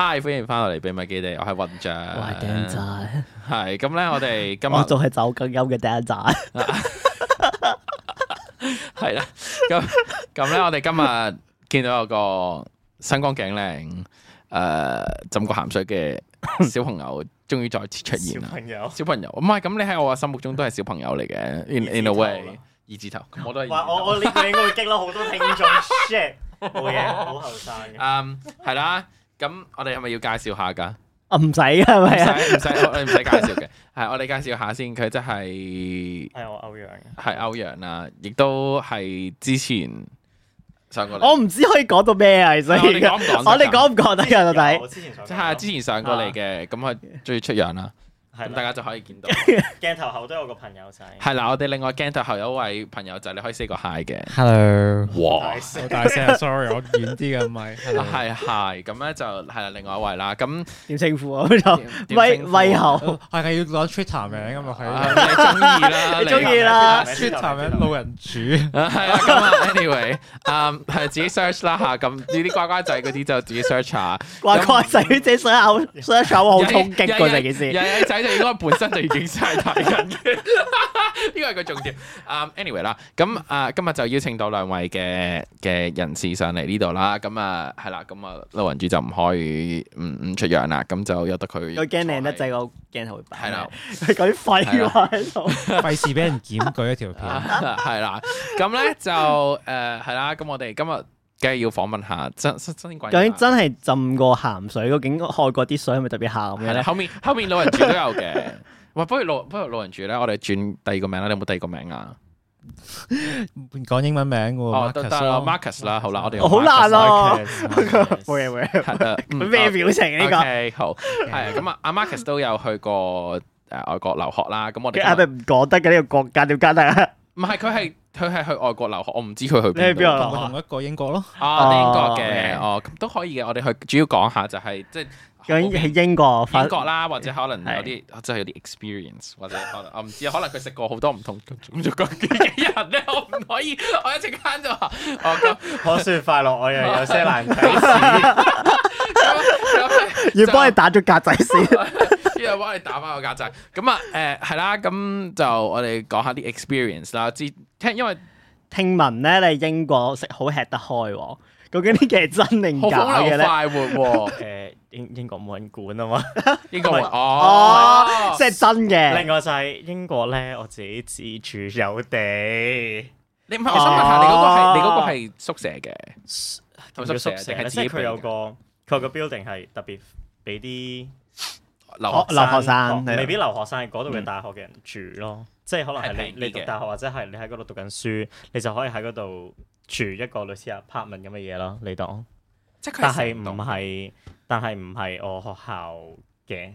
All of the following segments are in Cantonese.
嗨，歡迎翻嚟秘密基地，我係混帳。我係鏡仔係咁咧，我哋今日我仲係走緊音嘅第一集。係啦，咁咁咧，我哋今日見到有個身光頸靚誒，浸過鹹水嘅小朋友，終於再次出現啦。小朋友，小朋友唔係咁，你喺我心目中都係小朋友嚟嘅。In in a way，二字頭我都係。唔係我，我呢個應該會激到好多聽眾 share 冇嘢，好後生嘅。嗯，係啦。咁我哋係咪要介紹下噶？唔使噶，係咪啊？唔使，唔使， 我哋唔使介紹嘅。係、就是、我哋介紹下先，佢即係係我歐陽嘅，係歐陽啦，亦都係之前上過嚟。我唔知可以講到咩啊，所以， 我哋講唔講得啊？ 到底？係啊，之前上過嚟嘅，咁 啊，最出樣啦。咁大家就可以見到鏡頭後都有個朋友仔。係啦，我哋另外鏡頭後有一位朋友仔，你可以 say 個 hi 嘅。Hello，哇！大聲，sorry，我遠啲嘅麥。係係咁咧，就係啦，另外一位啦。咁點稱呼啊？咁就威威喉，係係要攞 Twitter 名咁嘛？係你中意啦，你中意啦。Twitter 名老人煮。係 a n y w a y 嗯，係自己 search 啦嚇。咁啲啲乖瓜仔嗰啲就自己 search 下。瓜乖仔，你 s e a r s e a r c h 下好衝擊㗎，你件事。應該本身就已經晒大人嘅，呢個係佢重點。嗯，anyway 啦，咁啊，今日就邀請到兩位嘅嘅人士上嚟呢度啦。咁啊，係啦，咁啊，老雲主就唔可以唔唔出樣啦。咁就由得佢，我驚靚得滯，我驚係會擺。係啦，講廢話喺度，費事俾人檢舉一條片。係啦，咁咧就誒係啦，咁我哋今日。梗係要訪問下真，究竟真係浸過鹹水，究竟外國啲水係咪特別鹹咁咧？後面後面老人住都有嘅。喂，不如老不如老人住咧，我哋轉第二個名啦。你有冇第二個名啊？講英文名喎。哦，Marcus 啦，好啦，我哋好難咯，冇嘢冇嘢，咩表情呢個？OK，好，係咁啊，阿 Marcus 都有去過誒外國留學啦。咁我哋唔講得嘅呢個國家點解咧？唔係，佢係佢係去外國留學，我唔知佢去邊。邊個留學？同一個英國咯。啊，英國嘅哦，都可以嘅。我哋去主要講下就係即係咁喺英國、英國啦，或者可能有啲即係有啲 experience，或者可能我唔知，可能佢食過好多唔同種族嘅人咧。我唔可以，我一陣間就話，我講可算快樂，我又有些難題。要幫你打咗格仔先。就幫你打翻個價仔咁啊，誒係啦，咁就我哋講下啲 experience 啦。之聽因為聽聞咧，你英國食好吃得開喎，究竟呢件係真定假嘅咧？快活誒，英英國冇人管啊嘛，英國哦即係真嘅。另外就係英國咧，我自己自住有地。你唔係我想問下你嗰個係你個係宿舍嘅，同宿舍嘅，即係佢有個佢個 building 係特別俾啲。留留學生，學生、哦、未必留學生，嗰度嘅大學嘅人住咯，嗯、即係可能係你你讀大學或者係你喺嗰度讀緊書，你就可以喺嗰度住一個類似 apartment 咁嘅嘢咯。你當，但係唔係，但係唔係我學校嘅，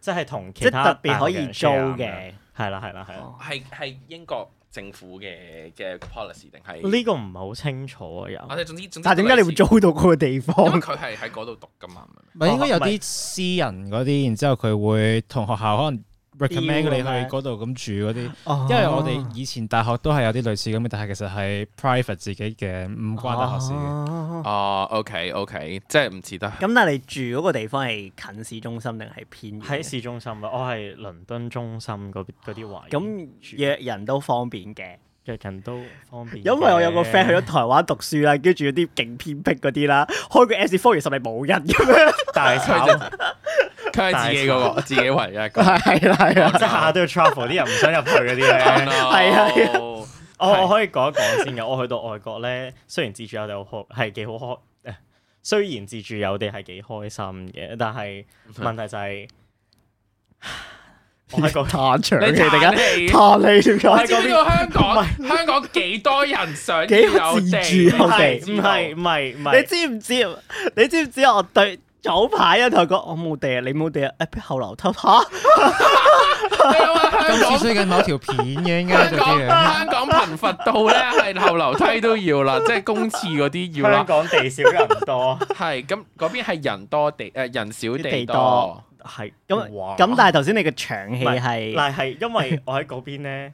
即係同其他特別可以租嘅，係啦係啦係啦，係係英國。政府嘅嘅 policy 定係呢個唔係好清楚啊又，總之總之總之但係點解你會租到嗰個地方？佢係喺嗰度讀噶嘛，唔係 是應該有啲私人嗰啲。是然之後佢會同學校可能。recommend 你去嗰度咁住嗰啲，因為我哋以前大學都係有啲類似咁，啊、但係其實係 private 自己嘅，唔關大學事嘅。哦、啊，OK，OK，okay, okay, 即係唔似得。咁但係你住嗰個地方係近市中心定係偏？喺市中心咯，我係倫敦中心嗰啲位。咁約、啊、人都方便嘅，約人都方便。因為我有個 friend 去咗台灣讀書啦，跟住嗰啲勁偏僻嗰啲啦，開個 S4 係實係冇人嘅咩？但係 大慘 自己嗰個，自己唯一個，係啦，係啦，即係下下都要 trouble 啲人唔想入去嗰啲咧，係啊，我我可以講一講先嘅。我去到外國咧，雖然自住有哋好，係幾好開。雖然自住有啲係幾開心嘅，但係問題就係外國太探長嚟嘅，探你點解？你知道香港香港幾多人想有自住地？唔係唔係唔係，你知唔知？你知唔知？我對。早排啊，同佢講，我冇地，地、哎、啊，你冇地啊，誒，後樓梯吓，今次最近某條片嘅應該就咁樣。香港貧乏到咧，係後樓梯都要啦，即係公廁嗰啲要啦。香港地少人多，係咁嗰邊係人多地誒，人少地多，係咁。咁但係頭先你嘅長氣係但係，因為，哇因為我喺嗰邊咧，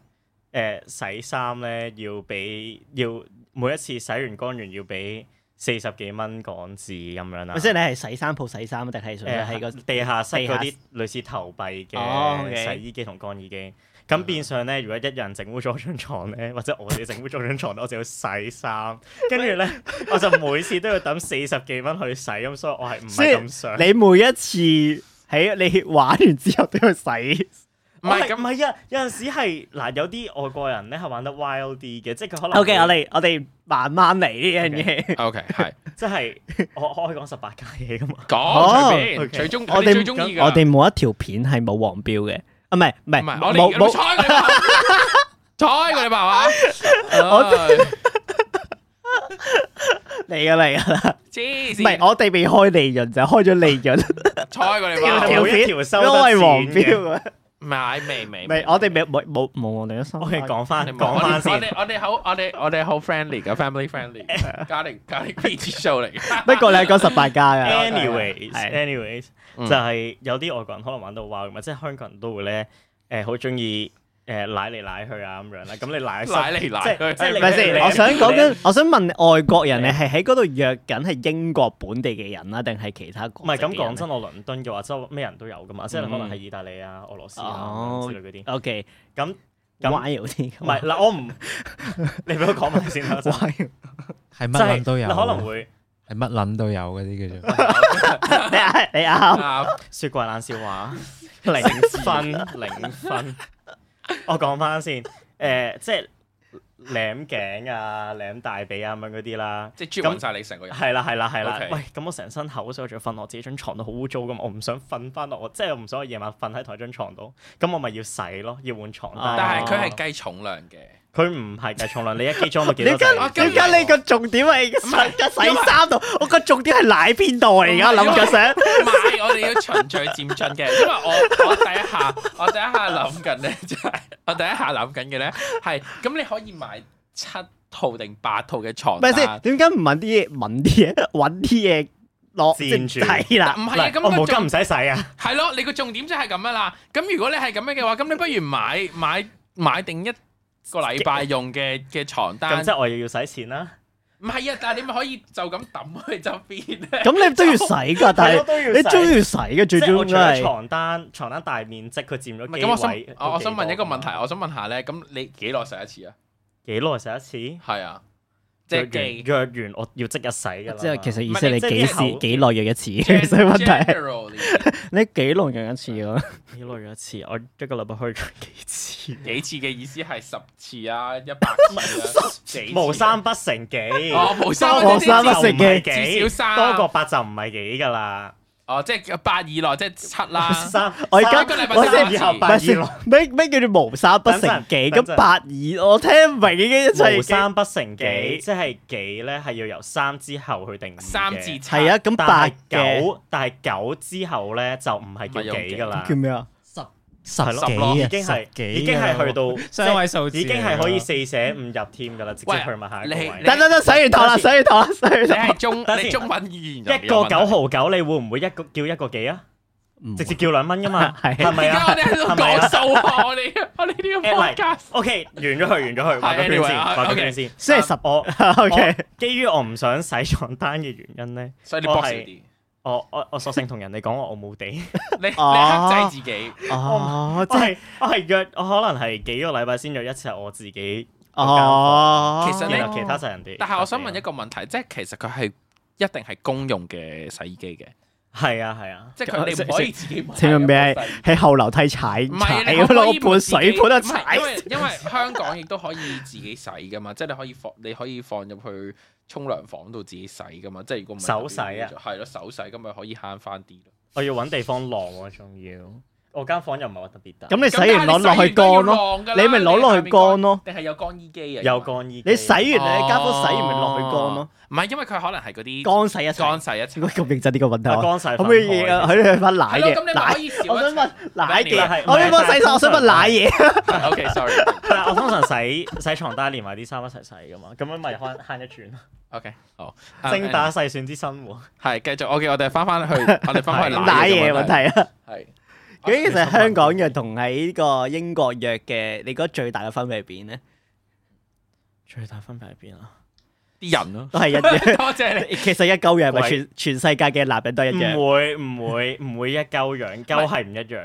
誒、呃、洗衫咧要俾要每一次洗完乾完要俾。四十幾蚊港紙咁樣啦，即係你係洗衫鋪洗衫定係誒係個地下室嗰啲類似投幣嘅、哦 okay，洗衣機同乾衣機。咁的變相咧，如果一人整污咗張床咧，或者我自己整污咗張床， 我就要洗衫。跟住咧， 我就每次都要等四十幾蚊去洗，咁所以我係唔係咁想？你每一次喺你玩完之後都要洗。 唔係咁，唔係啊！有陣時係嗱，有啲外國人咧係玩得 wild 啲嘅，即係佢可能。O.K. 我哋我哋慢慢嚟呢樣嘢。O.K. 係，即係我可以講十八禁嘢噶嘛？講，我哋最中意嘅。我哋冇一條片係冇黃標嘅。啊，唔係唔係，冇冇，猜過你爸爸。嚟噶嚟噶啦，唔係我哋未開利潤就開咗利潤，猜過你爸爸條片，因為黃標啊。唔係未未未，我哋未冇冇冇我哋一雙，我哋講返，講返先。我哋好，我哋我哋好 friendly 嘅 family friendly，家庭家庭節奏嚟嘅。不過你係講十八加嘅。Anyways，anyways 就係有啲外國人可能玩到哇，唔係即係香港人都會咧，誒好鍾意。誒，奶嚟奶去啊咁樣咧，咁你奶？奶嚟奶去，係咪先？我想講緊，我想問外國人，你係喺嗰度約緊係英國本地嘅人呀，定係其他國？唔係，咁講真，我倫敦嘅話，即係咩人都有㗎嘛，即係可能係意大利啊、俄羅斯啊之類嗰啲。OK，咁，溫柔啲，唔係嗱，我唔，你俾我講埋先啦，溫柔係乜撚都有，可能會係乜撚都有嗰啲叫做，你啱，說句冷笑話，零分，零分。 我講翻先，誒、呃，即係舐頸啊，舐大髀啊，咁樣嗰啲啦，即係專揾曬你成個人，係啦係啦係啦。Okay. 喂，咁我成身口水我仲要瞓落自己張床度，好污糟㗎，我唔想瞓翻落，我即係唔想我夜晚瞓喺同一張床度，咁我咪要洗咯，要換床單。但係佢係計重量嘅。哦。佢唔係嘅，重量你一機裝都幾多？你而家你個重點係洗洗衫度，我個重點係喺邊度而家諗緊。唔係，我哋要循序漸進嘅，因為我我第一下我第一下諗緊咧，就係我第一下諗緊嘅咧，係咁你可以買七套定八套嘅床單唔先，點解唔問啲問啲嘢，搵啲嘢落住？係啦，唔係咁我毛巾唔使洗啊。係咯，你個重點即係咁樣啦。咁如果你係咁樣嘅話，咁你不如買買買定一。個禮拜用嘅嘅床單，咁即係我又要使錢啦。唔係啊，但係你咪可以就咁抌去周邊咧。咁 你都要洗噶，但係你都要洗嘅， 最主要係床單。床單大面積佢佔咗。唔係咁我想，我、啊、我想問一個問題，我想問下咧，咁你幾耐洗一次啊？幾耐洗一次？係啊。即係約完我要即日洗噶啦，即係其實意思你幾時幾耐約一次？其實問題你幾耐約一次啊？幾耐約一次？我一個禮拜可以約幾次？幾次嘅意思係十次啊，一百？十幾冇三不成幾？哦，冇三冇三不成幾？至少三，多過八就唔係幾噶啦。哦，即係八以內，即係七啦。三，我而家我先以後八以內。咩 叫做無三不成幾？咁八二，等等我聽唔明嘅一齊。無三不成幾，即係幾咧？係要由三之後去定，三至七，係啊。咁八九，但係九之後咧就唔係叫幾噶啦。叫咩啊？十幾啊，已經係已經係去到雙位數字，已經係可以四捨五入添噶啦，直接去埋下一個位。等等等，洗完頭啦，洗完頭啦，洗完。你係中你中文語言，一個九毫九，你會唔會一個叫一個幾啊？直接叫兩蚊噶嘛？係咪啊？我哋喺度講數啊！我哋我哋呢個 focus。O K。完咗佢，完咗佢，畫緊邊先？畫緊邊先？先係十我。O K。基於我唔想洗床單嘅原因咧，我係。 我我我索性同人哋講我冇地， 你你克制自己， 我我係我係約我可能係幾個禮拜先約一次我自己間房，其實咧其他洗人哋，但係我想問一個問題，即係其實佢係一定係公用嘅洗衣機嘅。係啊係啊，即係佢哋唔可以自己洗。請問咩係喺後樓梯踩踩，攞攞盆水盆一踩。因為香港亦都可以自己洗噶嘛， 即係你可以放你可以放入去沖涼房度自己洗噶嘛，即係如果唔係手洗啊，係咯手洗，咁咪可以慳翻啲咯。我要搵地方晾啊，仲要。我間房又唔係話特別大，咁你洗完攞落去乾咯，你咪攞落去乾咯，定係有乾衣機啊？有乾衣，你洗完你間房洗完咪落去乾咯？唔係，因為佢可能係嗰啲乾洗一，乾洗一，咁認真呢個問題，可唔可以？可唔可以翻奶嘢？我想問奶嘢？我想問洗衫，我想問奶嘢。OK，sorry，我通常洗洗床單連埋啲衫一齊洗噶嘛，咁樣咪慳慳一轉咯。OK，好精打細算啲生活，係繼續。OK，我哋翻翻去，我哋翻翻去奶嘢問題啊，係。咁其實香港約同喺呢個英國約嘅，你覺得最大嘅分別係邊咧？最大分別係邊啊？啲人咯，都係一樣。多謝你。其實一嚿樣咪全全世界嘅男人都係一樣。唔會，唔會，唔會一嚿樣，嚿係唔一樣。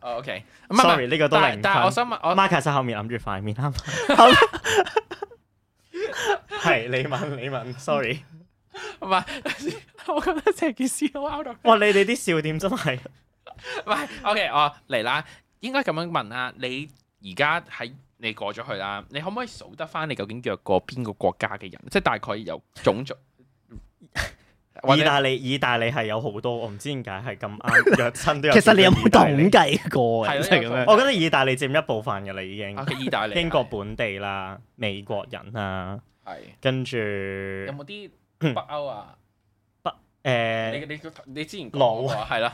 OK，sorry，呢個都零分。但係我想問，Marcus 後面諗住塊面啱唔啱？係你問你問，sorry，唔係，我覺得成件事都 out 咗。哇！你哋啲笑點真係～喂 ，OK，我嚟啦。應該咁樣問啦，你而家喺你過咗去啦，你可唔可以數得翻你究竟約過邊個國家嘅人？即係大概有種族。意大利，意大利係有好多，我唔知點解係咁啱約親。 都有其實你有冇統計過？係 我覺得意大利佔一部分噶啦，已經。Okay, 意大利、英國本地啦，美國人啊，係的跟住著有冇啲北歐啊？ 誒，你你、欸、你之前講過係啦，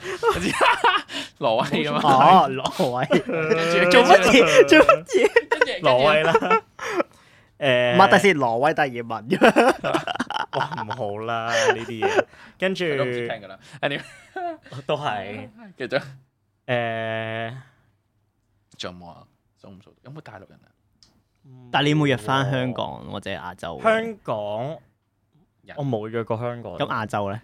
挪、嗯、威咁嘛，、哦、嘛，哦、嗯，挪威，做乜嘢做乜嘢，跟住挪威啦，誒，唔好睇先，挪威第二問，哦，唔好啦呢啲嘢，跟住都係，繼續，誒，仲有冇啊？做唔做？Anyway. 欸、有冇大陸人啊？但係你有冇約翻香港或者亞洲？香港，我冇約過香港，咁亞洲咧？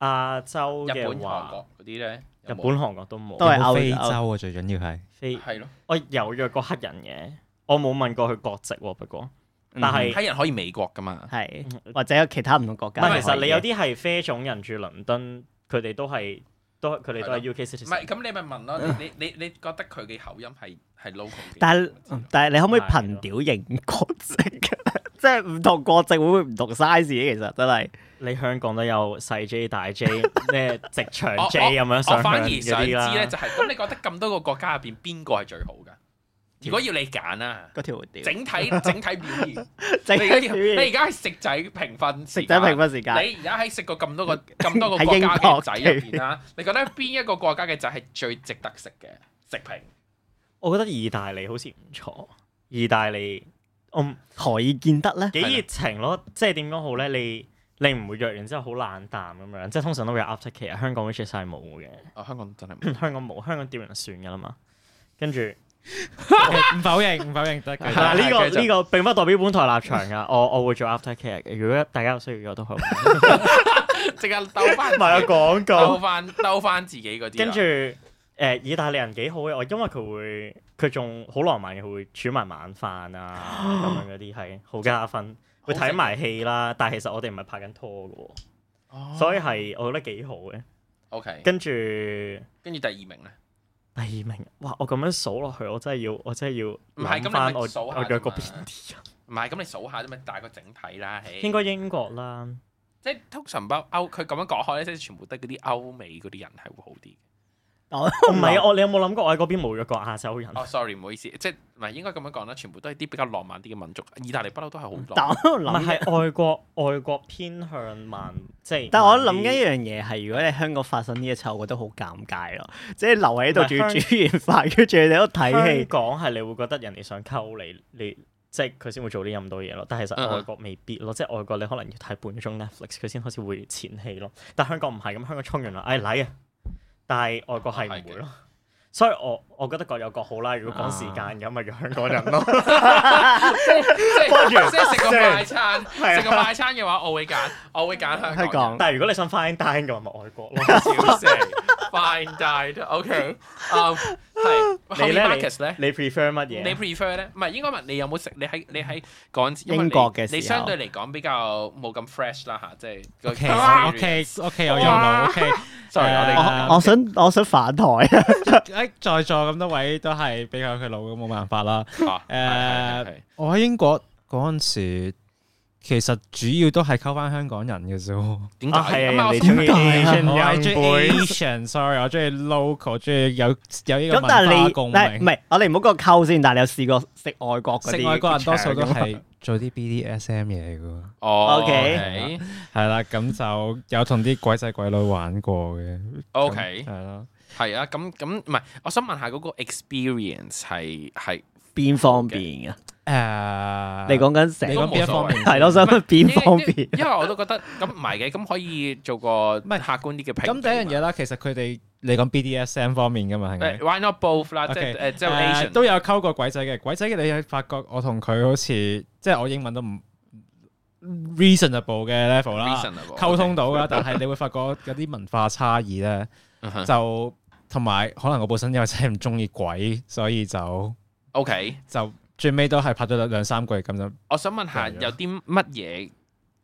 亞洲嘅話，嗰啲咧，日本、韓國都冇，都係歐洲啊，最緊要係。非係咯，我有約過黑人嘅，我冇問過佢國籍喎，不過，但係黑人可以美國噶嘛？係，或者有其他唔同國家。唔係，其實你有啲係啡種人住倫敦，佢哋都係都佢哋都係 UK citizen。唔係，咁你咪問咯，你你你覺得佢嘅口音係係 local？但係但係你可唔可以憑屌認國籍？即係唔同國籍會唔會唔同 size 其實真係。你香港都有細 J、大 J、咩 直長 J 咁 樣相。 反而、就是，我知咧就係，咁你覺得咁多個國家入邊邊個係最好噶？如果要你揀啊，嗰條 整體整體表現， 你而家要，係食仔評分時間，評分時間。你而家喺食過咁多個咁 多個國家嘅仔入邊啦， 面你覺得邊一個國家嘅仔係最值得食嘅食評？ 我覺得意大利好似唔錯，意大利。我何以見得咧？幾熱情咯，的即係點講好咧？你你唔會約完之後好冷淡咁樣，即係通常都會有 aftercare、哦。香港 which is 晒冇嘅，啊香港真係冇，香港冇，香港掉人就算㗎啦嘛。跟住唔否認，唔否認得嘅。嗱呢、 呢個呢、呢個呢個並不代表本台立場㗎。 我我會做 aftercare 嘅。如果大家有需要我都好，即刻兜翻唔係啊廣告，兜翻兜翻自己嗰啲。跟住 誒，意大利人幾好嘅、啊，我因為佢會佢仲好浪漫嘅，佢會煮埋晚飯啊，咁、哦、樣嗰啲係好加分。哦、會睇埋戲啦，嗯、但係其實我哋唔係拍緊拖嘅喎，哦、所以係我覺得幾好嘅、啊。OK，跟住著跟住第二名咧，第二名哇！我咁樣數落去，我真係要，我真係要唔揾翻我樣我約過邊啲人。唔係咁，你數下啫嘛，大個整體啦，應該英國啦。即係通常包，歐，佢咁樣講開咧，即、就、係、是、全部得嗰啲歐美嗰啲人係會好啲。唔係啊！我 你有冇諗過我喺嗰邊冇約過亞洲人？哦、oh，sorry，唔好意思，即係唔係應該咁樣講啦。全部都係啲比較浪漫啲嘅民族，意大利不嬲都係好浪漫。但係外國外國偏向慢，即係。但係我諗緊一樣嘢係，如果你香港發生呢一出，我覺得好尷尬咯，即係留喺度煮煮完飯，跟住你喺度睇戲。香港係你會覺得人哋想溝你，你即係佢先會做啲咁多嘢咯。但係其實外國未必咯，嗯、哼即係外國你可能要睇半鐘 Netflix，佢先開始會前戲咯。但香港唔係咁，香港衝完啦，哎嚟啊！但係外國係唔會咯、啊，所以我我覺得各有各好啦。如果講時間咁咪約香港人咯。即係食個快餐，食的個快餐嘅話我，我會揀我會揀香港。但係如果你想 fine dine 咁咪、就是、外國咯。 fine dine，OK，係。 後面 Marcus 咧，你 prefer 乜嘢？你 prefer 咧？唔係應該問你有冇食？你喺你喺嗰英國嘅時，你相對嚟講比較冇咁 fresh 啦嚇，即係 OK OK 哇 OK 有用 OK。sorry、uh, 我哋啊，我想我想反台喺 在座咁多位都係比較佢老，冇辦法啦。誒、uh, 啊，我喺英國嗰陣 時。其實主要都係溝翻香港人嘅啫，點解係啊？我唔中意，我係中意 Asian，sorry，我中意 local，我中意有有呢個文化共鳴。唔係，我你唔好講溝先，但係你有試過食外國嘅？食外國人多數都係做啲 BDSM 嘢嘅。OK，係啦，咁就有同啲鬼仔鬼女玩過嘅。OK，係咯，係啊，咁咁唔係，我想問下嗰個 experience 係係。邊方面啊？誒，你講緊成邊一方面係咯，想邊方面？因為我都覺得咁唔係嘅，咁可以做個唔係客觀啲嘅評論。咁第一樣嘢啦，其實佢哋你講 BDSM 方面噶嘛，係咪？Why not both 啦？即係誒，都有溝過鬼仔嘅，鬼仔嘅你發覺我同佢好似，即係我英文都唔 reasonable 嘅 level 啦，溝通到噶，但係你會發覺有啲文化差異咧，就同埋可能我本身因為真係唔中意鬼，所以就。O Okay , K，就最尾都係拍咗兩兩三季咁就，我想問下 有啲乜嘢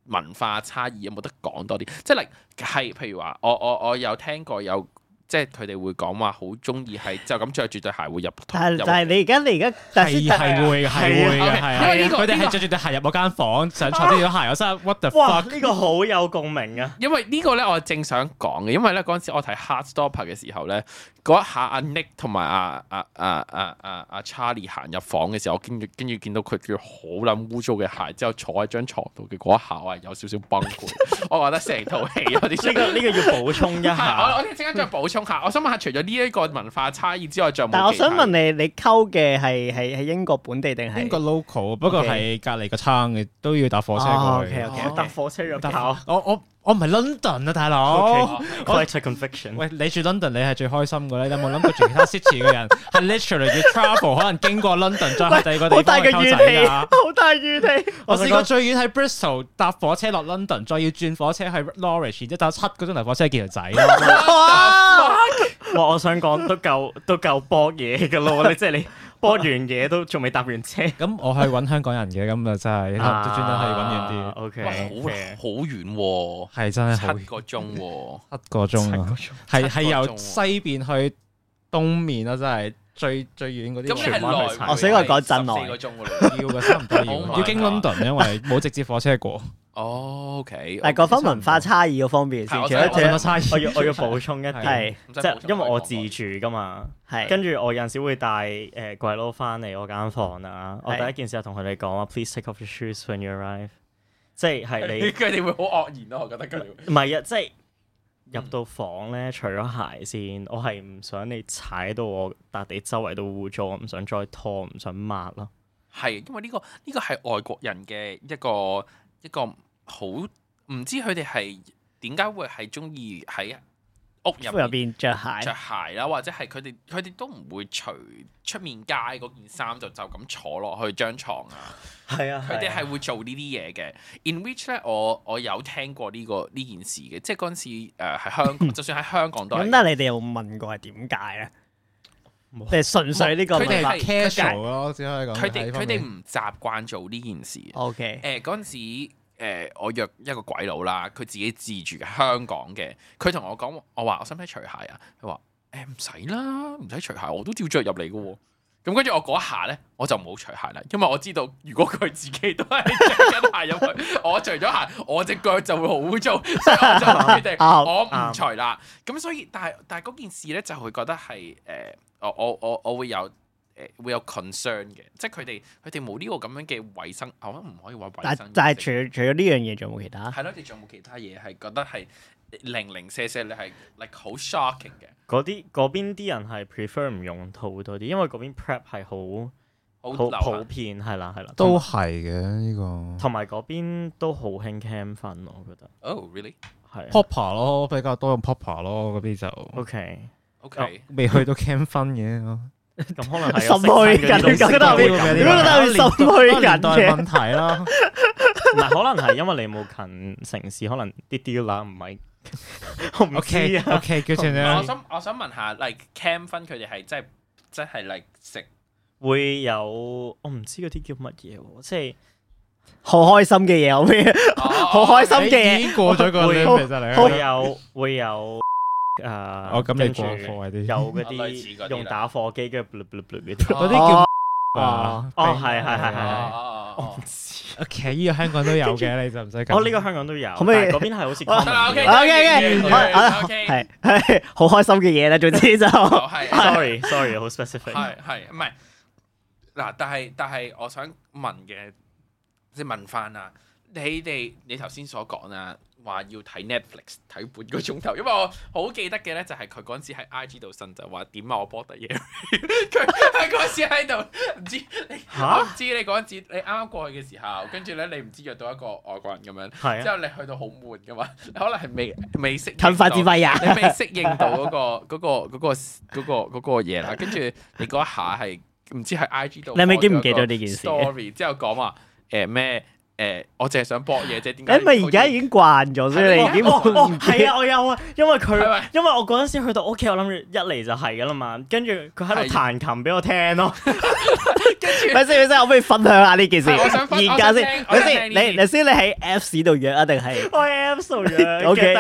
文化差異有冇得講多啲？即係，係譬如話，我我我有聽過有。即係佢哋會講話好中意係就咁着住對鞋會入但係你而家你而家第二會係會嘅，係佢哋係着住對鞋入嗰間房想坐啲咗鞋，我心下 what the fuck！哇，呢個好有共鳴啊！因為呢個咧，我正想講嘅，因為咧嗰陣時我睇《Heartstopper》嘅時候咧，嗰一下阿 Nick 同埋阿阿阿阿阿 Charlie 行入房嘅時候，我跟住跟住見到佢叫好撚污糟嘅鞋，之後坐喺張床度嘅嗰一下，我係有少少崩潰，我覺得成套戲我呢個呢個要補充一下，我我即刻再補充。我想問下，除咗呢一個文化差異之外，仲有冇，但我想問你，你溝嘅係係係英國本地定係英國 local？不過係隔離個餐嘅 Okay. 都要搭火車過 OK k 搭火車入得我我。我我唔係 London 啊，大佬。我係 take conviction。喂，你住 London，你係最開心嘅咧。你有冇諗過住其他 city 嘅人，係 literally 要 travel，可能經過 London 再去第二個地方偷仔啊！好大餘地。我試過最遠喺 Bristol 搭火車落 London，再要轉火車去 Norwich，然之後搭七個鐘頭火車見條仔。哇！哇！我想講都夠都夠搏嘢嘅咯，即係你。多完嘢都仲未搭完車，咁 我去揾香港人嘅，咁就真係，都專登去揾遠啲。O、okay、K，好，好、啊、好遠，好遠喎，係真係七個鐘喎，七個鐘啊，係係由西邊去東面啊，真係。最最遠嗰啲，我先嚟我陣耐，四個鐘喎，要個差唔多要經倫敦，因為冇直接火車過。OK，誒，嗰方文化差異嗰方面先，而且我要我要補充一，係即係因為我自住噶嘛，跟住我有陣時會帶誒鬼佬翻嚟我間房啊，我第一件事就同佢哋講 please take off your shoes when you arrive，即係係你，佢哋會好愕然咯，我覺得佢唔係啊，即係。入到房咧，除咗鞋先，我係唔想你踩到我笪地，但你周圍都污糟，我唔想再拖，唔想抹咯。係，因為呢個呢個係外國人嘅一個一個好唔知佢哋係點解會係中意喺。屋入邊着鞋，着鞋啦，或者係佢哋佢哋都唔會除出面街嗰件衫，就就咁坐落去張床啊。係啊，佢哋係會做呢啲嘢嘅。 In which 咧，我我有聽過呢、呢個呢件事嘅，即係嗰陣時誒喺、呃、香港， 就算喺香港都係。咁但係你哋有冇問過係點解咧？即 純粹呢個比較 casual 咯，只可以講佢哋佢哋唔習慣做呢件事。OK，誒嗰陣誒、呃，我約一個鬼佬啦，佢自己自住喺香港嘅，佢同我講，我話我使唔使除鞋啊？佢話誒唔使啦，唔使除鞋，我都吊着入嚟嘅喎。咁跟住我嗰一下呢，我就冇除鞋啦，因為我知道如果佢自己都係著咗鞋入去， 我除咗鞋，我隻腳就會好污糟，所以我就決定 我唔除啦。咁所以，但係但係嗰件事呢，就會覺得係誒、呃，我我我我，我會有。誒會有 concern 嘅，即係佢哋佢哋冇呢個咁樣嘅衞生，係咯，唔可以話衞生但。但係但係除咗呢樣嘢，仲有冇其他？係咯，仲有冇其他嘢係覺得係零零舍舍？你係 like 好 shocking 嘅。嗰啲嗰邊啲人係 prefer 唔用套多啲，因為嗰邊 prep 係好好普遍係啦係啦，都係嘅呢個。同埋嗰邊都好興 cam fun，我覺得。Oh really？係的。popper 咯，比較多用 popper 咯，嗰邊就。OK, OK, 未去到 cam fun 嘅。 咁可能係心虛人咁覺得，點解覺得係心虛人嘅？問題啦，唔係可能係因為你冇近城市，可能啲啲啦，唔係。我唔知啊。OK，叫住你。我想我想問下，嚟 Camphun 佢哋係真係真係嚟食，會有我唔知嗰啲叫乜嘢喎？即係好開心嘅嘢有咩？好開心嘅嘢。過咗個兩其實嚟啊。會有會有。啊！我咁你過火啲，有嗰啲用打火機跟住嗰啲叫啊！哦，係係係係，我唔知。OK，呢個香港都有嘅，你就唔使。我呢個香港都有，但係嗰邊係好似。O K O K O K O K，係係好開心嘅嘢啦，總之就。Sorry Sorry，好 specific。係係唔係？嗱，但係但係，我想問嘅即係問翻啊，你哋你頭先所講啊。話要睇 Netflix 睇半個鐘頭，因為我好記得嘅咧就係佢嗰陣時喺 IG 度呻就話點啊我 po 咗嘢，佢係嗰陣時喺度唔知，蛤知你嚇唔知你嗰陣時你啱啱過去嘅時候，跟住咧你唔知約到一個外國人咁樣，啊、之後你去到好悶嘅嘛，你可能係未未，未適，冚發智慧啊，你未適應到嗰、嗰個嗰、 嗰個嗰、嗰個嗰、嗰個嘢啦，跟、那、住、個嗰個、你嗰一下係唔知喺 IG 度，你係咪已唔記得呢件事？story 之後講話誒咩？欸誒，我淨係想博嘢啫。點解？你咪而家已經慣咗先，你已經係啊！我有啊，因為佢，因為我嗰陣時去到屋企，我諗住一嚟就係噶啦嘛，跟住佢喺度彈琴俾我聽咯。係咪先？係咪先？我不如分享下呢件事，而家先。係咪先？你，你先，你喺 F 市度約，一定係？我喺 F 市約。O K。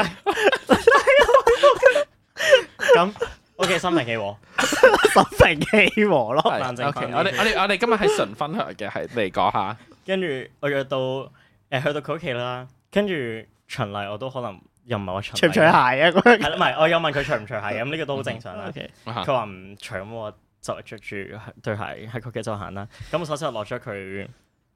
咁，O K，心平氣和，心平氣和咯。O K，我哋我哋我哋今日係純分享嘅，係嚟講下。跟住我約到誒、呃、去到佢屋企啦，跟住循例我都可能又唔係我循例。除唔除鞋啊？嗰係唔係我又問佢除唔除鞋嘅，咁呢 個都好正常啦。佢話唔除咁，嗯、我就著住對鞋喺佢屋企就行啦。咁、嗯、我首先落咗佢，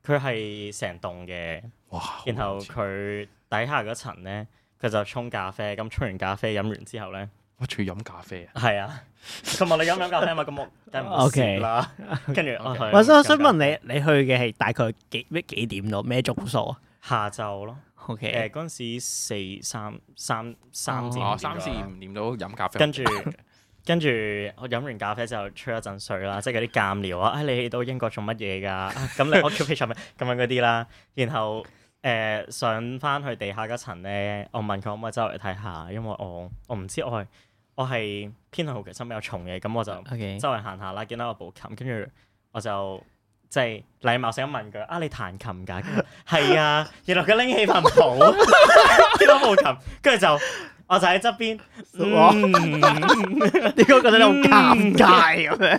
佢係成棟嘅，哇然後佢底下嗰層咧，佢就沖咖啡，咁、嗯、沖完咖啡飲完之後咧。我仲要飲咖啡啊！係啊，琴日你飲唔飲咖啡嘛，咁我都冇事啦。跟住，我想我想問你，你去嘅係大概幾咩幾點到咩鐘數啊？下晝咯。O K，誒嗰陣時四三三三點，哦，三四唔念到飲咖啡。跟住跟住我飲完咖啡之後吹一陣水啦，即係嗰啲閒聊啊！誒，你去到英國做乜嘢㗎？咁你 occupation 咩？咁樣嗰啲啦。然後誒上翻去地下嗰層咧，我問佢可唔可以周圍睇下，因為我我唔知我。我係偏向好奇心比較重嘅，咁我就周圍行下啦，見到我部琴，跟住我就即係禮貌性咁問佢：啊，你彈琴噶？係啊， 原來佢拎起份簿， 見到部琴，跟住就我就喺側邊，我點、嗯、解 覺得你好尷尬咁樣？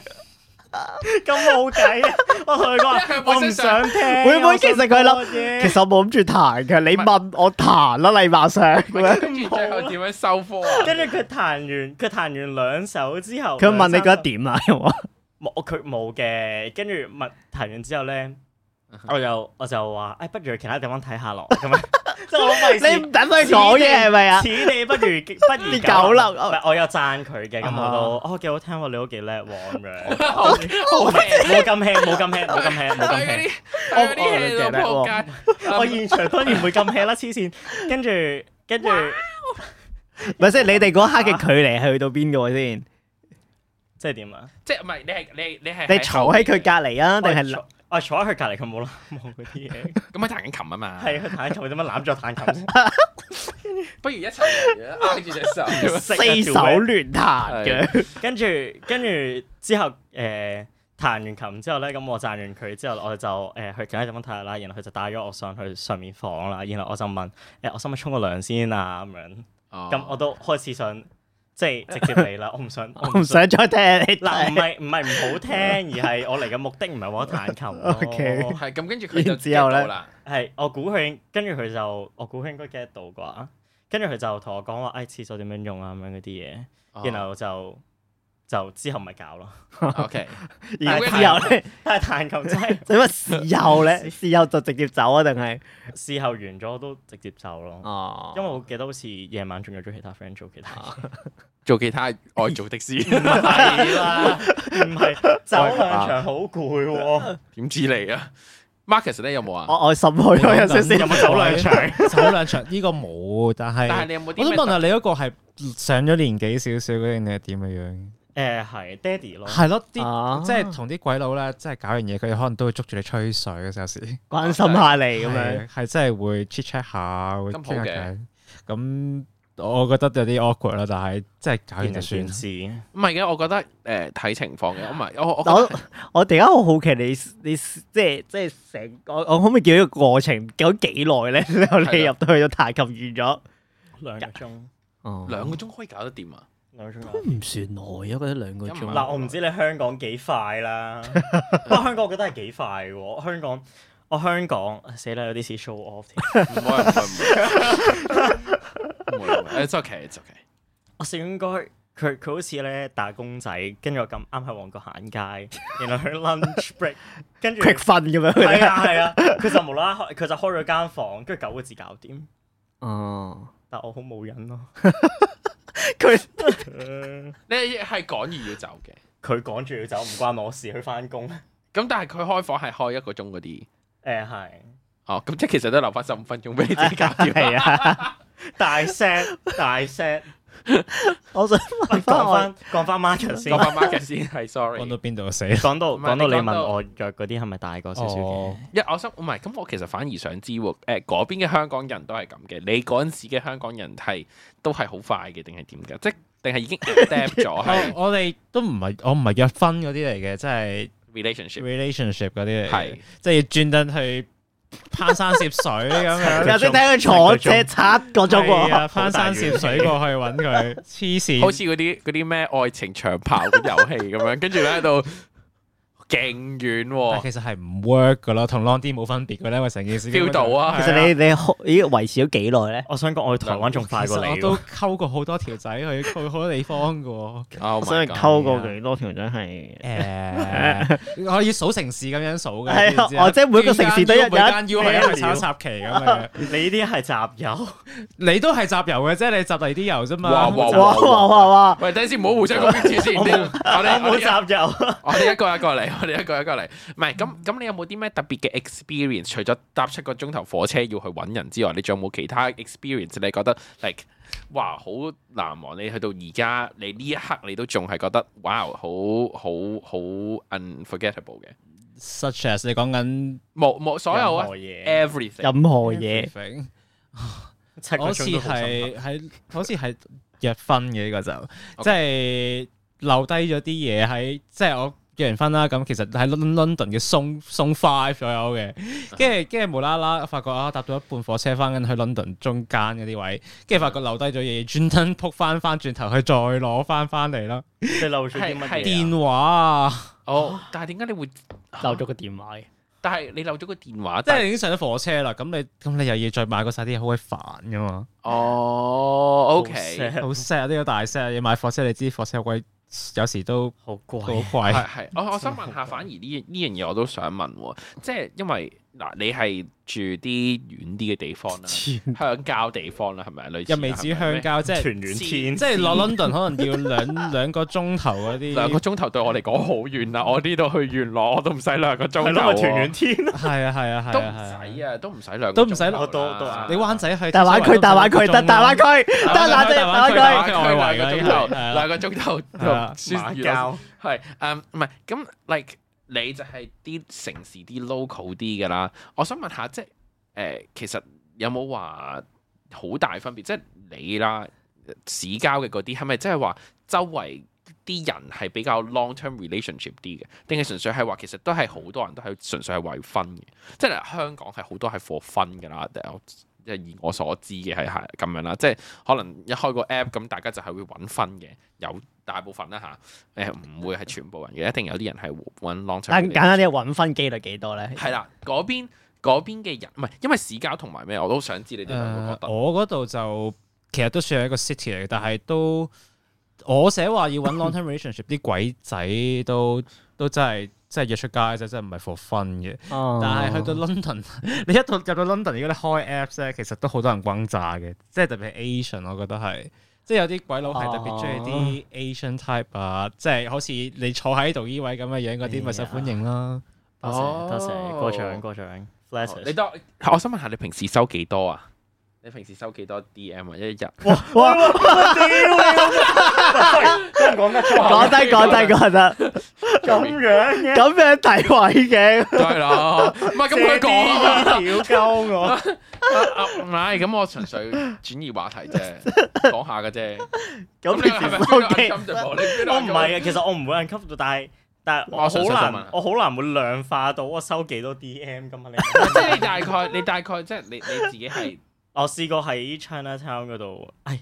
咁冇計啊！我同佢講話，我唔想聽。會唔會其實佢諗嘢？其實我冇諗住彈嘅。你問我彈啦，禮貌上。跟住最後點樣收科啊？跟住佢彈完，佢彈完兩首之後，佢問你覺得點啊？我佢冇嘅。跟住問彈完之後咧，我又我就話，哎，不如去其他地方睇下咯。咁啊。即係我你唔等佢講嘢係咪啊？此地不如不如走啦！我有贊佢嘅，咁我都哦幾好聽喎，你都幾叻喎咁樣。冇咁輕，冇咁輕，冇咁輕，冇咁輕。我現場當然唔會咁輕啦，黐線。跟住跟住，咪，即係你哋嗰刻嘅距離係去到邊個先？即係點啊？即係唔係你係你你係你坐喺佢隔離啊？定係？我坐喺佢隔離，佢冇咯，冇嗰啲嘢。咁佢 彈緊琴啊嘛。係佢彈緊琴，點解攬住彈琴？不如一齊挨住隻手，四手亂彈嘅 是。 跟住跟住之後，誒、呃、彈完琴之後咧，咁、嗯、我讚完佢之後，我就誒去、呃、其他地方睇下啦。然後佢就帶咗我上去上面房啦。然後我就問誒、欸，我使唔使沖個涼先啊？咁樣。咁、哦、我都開始想。即係直接嚟啦，我唔想，我唔想，想再聽你。嗱，唔係唔係唔好聽， 而係我嚟嘅目的唔係為咗彈琴。O K，咁，跟住佢就之後咧，係我估佢，跟住佢就我估佢應該 get 到啩。跟住佢就同我講話，哎，廁所點樣用啊咁樣嗰啲嘢，哦、然後就。就之後咪搞咯。OK，而之後咧，但係彈琴，使乜事後咧？事後就直接走啊？定係事後完咗都直接走咯。哦，因為我記得好似夜晚仲有咗其他 friend 做其他做其他愛做的事。唔係走兩場好攰喎。點知你啊？Marcus 咧有冇啊？我愛十號嗰日先有冇走兩場？走兩場呢個冇，但係我想問下你嗰個係上咗年紀少少嗰啲，你係點嘅樣？誒，係爹地咯，係咯，哦，啲即係同啲鬼佬咧，即係搞完嘢，佢哋可能都會捉住你吹水嘅，有時關心下你咁樣，係真係會 check check 下，會 check check 咁，我覺得有啲 awkward 咯，但係即係搞完就算事。唔係嘅，我覺得誒睇，呃、情況嘅，唔係，我我我我突然間好好奇你你，你即係即係成個我可唔可以叫一個過程，搞幾耐咧？你入的 到去咗台球完咗兩個鐘，哦，兩個鐘可以搞得掂啊！啊、都唔算耐啊，嗰啲兩個鐘啊！嗱、嗯，嗯、我唔知你香港幾快啦，不過 香港我覺得都係幾快喎、啊。香港我香港死啦，有啲似 show off。唔 好，唔好，唔好。誒，OK，OK。我應該佢佢好似咧打工仔，跟住咁啱喺旺角行街， 然後去 lunch break，跟住瞓咁樣。係啊，係啊，佢 就無啦啦，佢就開咗間房，跟住九個字搞掂。哦，oh. 但我好冇癮咯。佢他 你係趕住要走嘅，佢趕住要走唔關我事，佢返工。咁但係佢開房係開一個鐘嗰啲，誒係、嗯。好，咁、哦、即係其實都留返十五分鐘俾你自己搞掂。係啊， 大聲，大聲。我想講翻講翻 Marcus 先，講翻 Marcus 先係，sorry。講到邊度死？講到講到你問我約嗰啲係咪大個少少？一，我想唔係，咁我其實反而想知喎。誒，嗰邊嘅香港人都係咁嘅，你嗰陣時嘅香港人係都係好快嘅，定係點噶？即定係已經 adapt 咗？我哋都唔係，我唔係約 fun 嗰啲嚟嘅，即係 relationship relationship 嗰啲嚟嘅。即係轉登去。攀山涉水咁樣，有啲睇佢坐車七個鐘喎，攀、 啊、山涉水過去搵佢，黐線， 好似嗰啲啲咩愛情長跑嘅遊戲咁樣，跟住咧喺度。勁遠其實係唔 work 噶咯，同 long 啲冇分別嘅咧，因為成件事漂到啊。其實你你維持咗幾耐咧？我想講我去台灣仲快過你。我都溝過好多條仔去溝好多地方噶。哦，所以溝過幾多條仔係？誒，我要數城市咁樣數嘅，或者每個城市都有。每間 U 要去一個插插旗咁樣。你呢啲係集郵，你都係集郵嘅啫，你集嚟啲郵啫嘛。哇哇哇哇哇！喂，等先，唔好互相攻擊先。我冇集郵。我哋一個一個嚟。我哋 一個一個嚟，唔係咁咁。你有冇啲咩特別嘅 experience？除咗搭七個鐘頭火車要去揾人之外，你仲有冇其他 experience？你覺得 like 哇好難忘？你去到而家，你呢一刻你都仲係覺得哇好好好 unforgettable 嘅。Such as 你講緊冇冇所有啊，everything 任何嘢，好似係喺好似係、 就是、約分嘅呢個就即係留低咗啲嘢喺即係我。結完婚啦，咁其實喺 London 嘅鬆鬆 five 左右嘅，跟住跟住無啦啦，發覺啊，搭到一半火車翻緊去 London 中間嗰啲位，跟住發覺留低咗嘢，轉登撲翻翻轉頭去再攞翻翻嚟啦。你留咗啲乜嘢？電話啊！哦，但係點解你會漏咗個電話？但係你漏咗個電話，即、啊、係已經上咗火車啦。咁你咁你又要再買過晒啲嘢，好鬼煩噶嘛。哦，OK，好 sad 啊，呢個 大 set，要買火車你知火車好鬼。有時都好貴乖， 我我想問下， 反而呢呢樣嘢我都想問喎，即係因為。嗱，你係住啲遠啲嘅地方啦，鄉郊地方啦，係咪啊？又未止鄉郊，即係屯元天，即係落 London 可能要兩兩個鐘頭嗰啲，兩個鐘頭對我嚟講好遠啦。我呢度去元朗我都唔使兩個鐘頭。係咪屯元天？係啊係啊係，都唔使啊，都唔使兩，都唔使落到到。你灣仔去大灣區，大灣區得，大灣區得，嗱，大灣區。兩個鐘頭，兩個鐘頭，馬交係，唔係咁 like。你就係啲城市啲 local 啲㗎啦，我想問下，即係誒、呃，其實有冇話好大分別？即係你啦，市郊嘅嗰啲係咪即係話周圍啲人係比較 long-term relationship 啲嘅，定係純粹係話其實都係好多人都係純粹係為分嘅？即係香港係好多係 for fun 㗎啦，即係以我所知嘅係係咁樣啦。即係可能一開個 app 咁，大家就係會揾分嘅有。大部分啦嚇，誒、啊、唔會係全部人嘅，一定有啲人係揾 long term。 簡單啲揾 fun 機率幾多咧？係啦，嗰邊嘅人唔係，因為市郊同埋咩我都想知你哋、呃。我嗰度就其實都算係一個 city 嚟嘅，但係都我寫話要揾 long term relationship，啲 鬼仔都都真係即係約出街啫，真係唔係 for fun 嘅。哦、但係去到 London， 你一到入到 London，如果你開 apps 咧，其實都好多人轟炸嘅，即係特別係 Asian，我覺得係。即係有啲鬼佬係特別中意啲 Asian type 啊，哦、即係好似你坐喺度依位咁嘅樣啲，咪受、哎、呀歡迎咯、啊謝哦，多謝多謝，過獎過獎。你當我，我想問下，你平時收幾多啊？你平時收幾多 DM 啊？一日哇！我屌你，真係真講得出。講得講得講得，咁樣嘅咁嘅地位嘅，係咯？唔係咁佢講啊，屌鳩我。唔係咁，我純粹轉移話題啫，講下嘅啫。咁你唔收機？我唔係啊，其實我唔會人吸到，但係但係我好難，我好難會量化到我收幾多 DM 噶嘛？你即係你大概，你大概即係你你自己係。我試過喺 China Town 嗰度，誒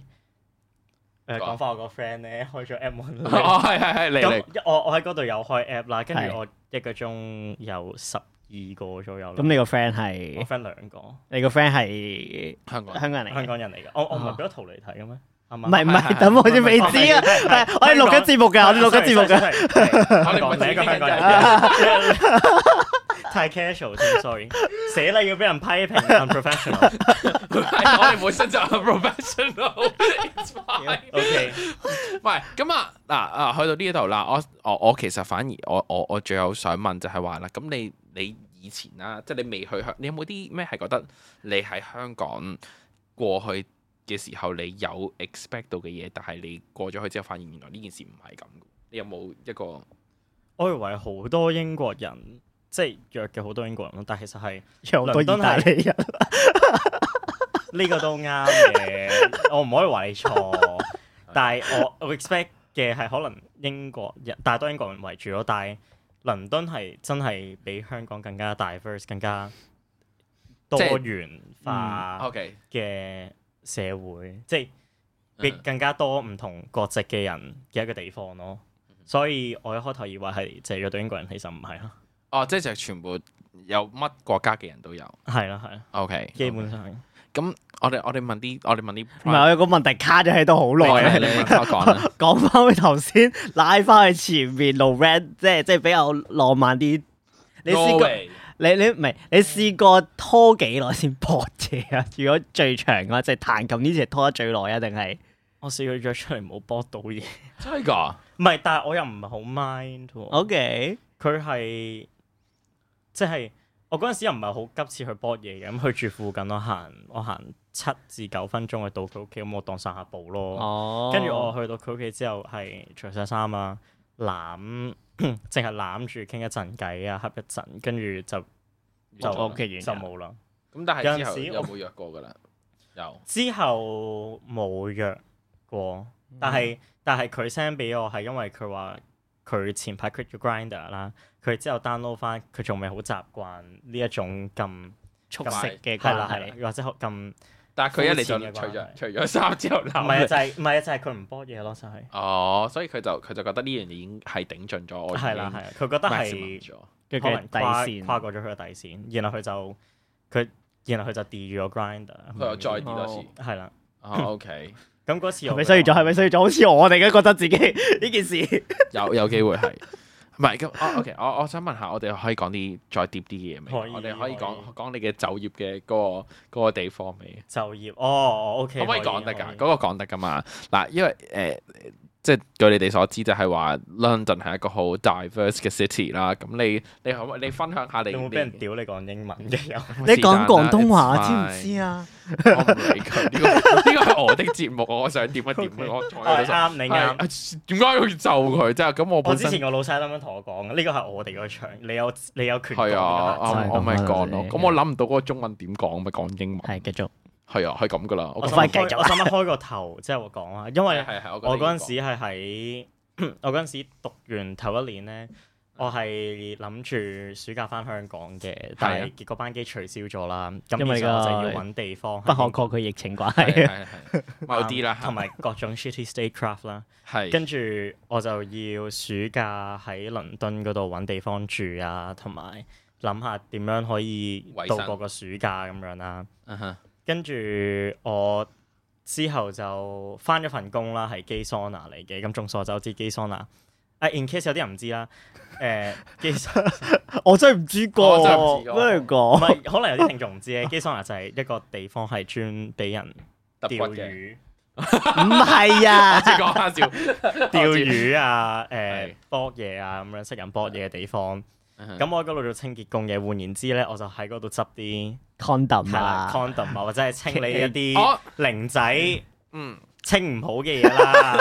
誒講翻我個 friend 咧，開咗 app 玩。哦，係係係你我我喺嗰度有開 app 啦，跟住我一個鐘有十二個左右。咁你個 friend 係？我 friend 兩個。你個 friend 係香港人嚟？香港人嚟㗎。我我唔係俾咗圖嚟睇嘅咩？唔係唔係，等我先，未知啊！我係錄緊節目㗎，我哋錄緊節目㗎。講講，講講。太 casual 先，sorry 寫。寫啦要俾人批評，unprofessional。我本身就 u n p r o f e s s i o n a l O K，喂，咁 Yeah, okay. 啊，嗱啊，去到呢度啦，我我我其實反而我我我最有想問就係話啦，咁你你以前啦、啊，即係你未去香，你有冇啲咩係覺得你喺香港過去嘅時候，你有 expect 到嘅嘢，但係你過咗去之後，發現原來呢件事唔係咁，你有冇一個？我以為好多英國人。即係約嘅好多英國人咯，但係其實係約好多意大利人。呢個都啱嘅，我唔可以話你錯。但係我我 expect 嘅係可能英國人，大多英國人為主咯。但係倫敦係真係比香港更加 diverse，更加多元化嘅社會，即係、嗯 okay. 更加多唔同國籍嘅人嘅一個地方咯。所以我一開頭以為係即係約到英國人，其實唔係啦。哦，即係就係全部有乜國家嘅人都有，係啦係啦，OK，基本上。咁、嗯、我哋我哋問啲我哋問啲，唔係我有個問題卡咗喺度好耐啊！講翻去頭先，拉翻去前面，路 red 即係即係比較浪漫啲。你試過美你你唔係你試過拖幾耐先搏嘢啊？ 如果最長嘅話即係彈琴呢隻拖得最耐啊？定係我試過出嚟冇搏到嘢，真係的噶？唔係， 但係我又唔係好 mind。OK，佢係。即係我嗰陣時又唔係好急切去搏嘢嘅，咁去住附近咯，行我行七至九分鐘去到佢屋企，咁我當散下步咯。跟住、哦、我去到佢屋企之後係除晒衫啊，攬淨係攬住傾一陣偈啊，恰一陣，跟住就就 OK 完就冇啦。咁但係之後有冇約過噶啦， 有之後冇約過，但係、嗯、但係佢 send 俾我係因為佢話。佢前排 quit 咗 grinder 啦，佢之後 download 翻，佢仲未好習慣呢一種咁速食嘅，係啦係，或者咁，但係佢一嚟就除咗衫之後，唔係啊就係唔係啊就係佢唔播嘢咯就係。哦，所以佢就佢就覺得呢樣嘢已經係頂盡咗我係啦係，佢覺得係底線跨過咗佢嘅底線，然後佢就佢然後佢就 de 住個 grinder，佢又再 de 多次，係啦。啊，OK。咁嗰次係咪需要咗？係咪需要咗？ 好似我哋咁覺得自己呢件事有有機會係，唔係咁？OK 我 okay，我，我想問下，我哋可以講啲再疊啲嘢未？我哋可以講講以你嘅就業嘅嗰、嗰個嗰個地方未？就業，哦，OK，可唔可以講得㗎？嗰個講得㗎嘛？嗱，因為誒。呃即係據你哋所知，就係話 London 係一個好 diverse 嘅 city 啦。咁你你可唔可以分享下你會唔會俾人屌你講英文嘅？你講廣東話知唔知啊？我唔理佢，呢個係我的節目，我想點一點。我係你啱。點解要就佢？即係咁我之前個老細啱啱同我講，呢個係我哋個場，你有你有權。係啊，我咪講咯。咁我諗唔到嗰個中文點講，咪講英文。係繼續係啊，係咁噶啦。我，我想開，開，我想開個頭即係我講啊，因為我嗰陣時係喺我嗰陣時讀完頭一年咧，我係諗住暑假翻香港嘅，但係結果班機取消咗啦。咁而家就要揾地方，不可抗拒疫情關係，某啲啦。同埋各種 shitty statecraft 啦，是跟住我就要暑假喺倫敦嗰度揾地方住啊，同埋諗下點樣可以度過個暑假咁樣啦、啊。嗯跟住我之後就翻咗份工啦，係基桑拿嚟嘅。咁眾所周知基桑拿，誒，in case 有啲人唔知啦。誒、欸，基桑、 哦，我真係唔知個，咩個？唔係， 可能有啲聽眾唔知咧。 基桑拿就係一個地方，係專俾人釣魚，唔係骨 是啊！即講翻笑，釣魚啊，誒、欸，博嘢的啊，咁樣識人博嘢嘅地方。咁我喺嗰度做清潔工嘅，換言之咧，我就喺嗰度執啲 condom 啊，condom 啊，或者係清理一啲靈仔，嗯，清唔好嘅嘢啦，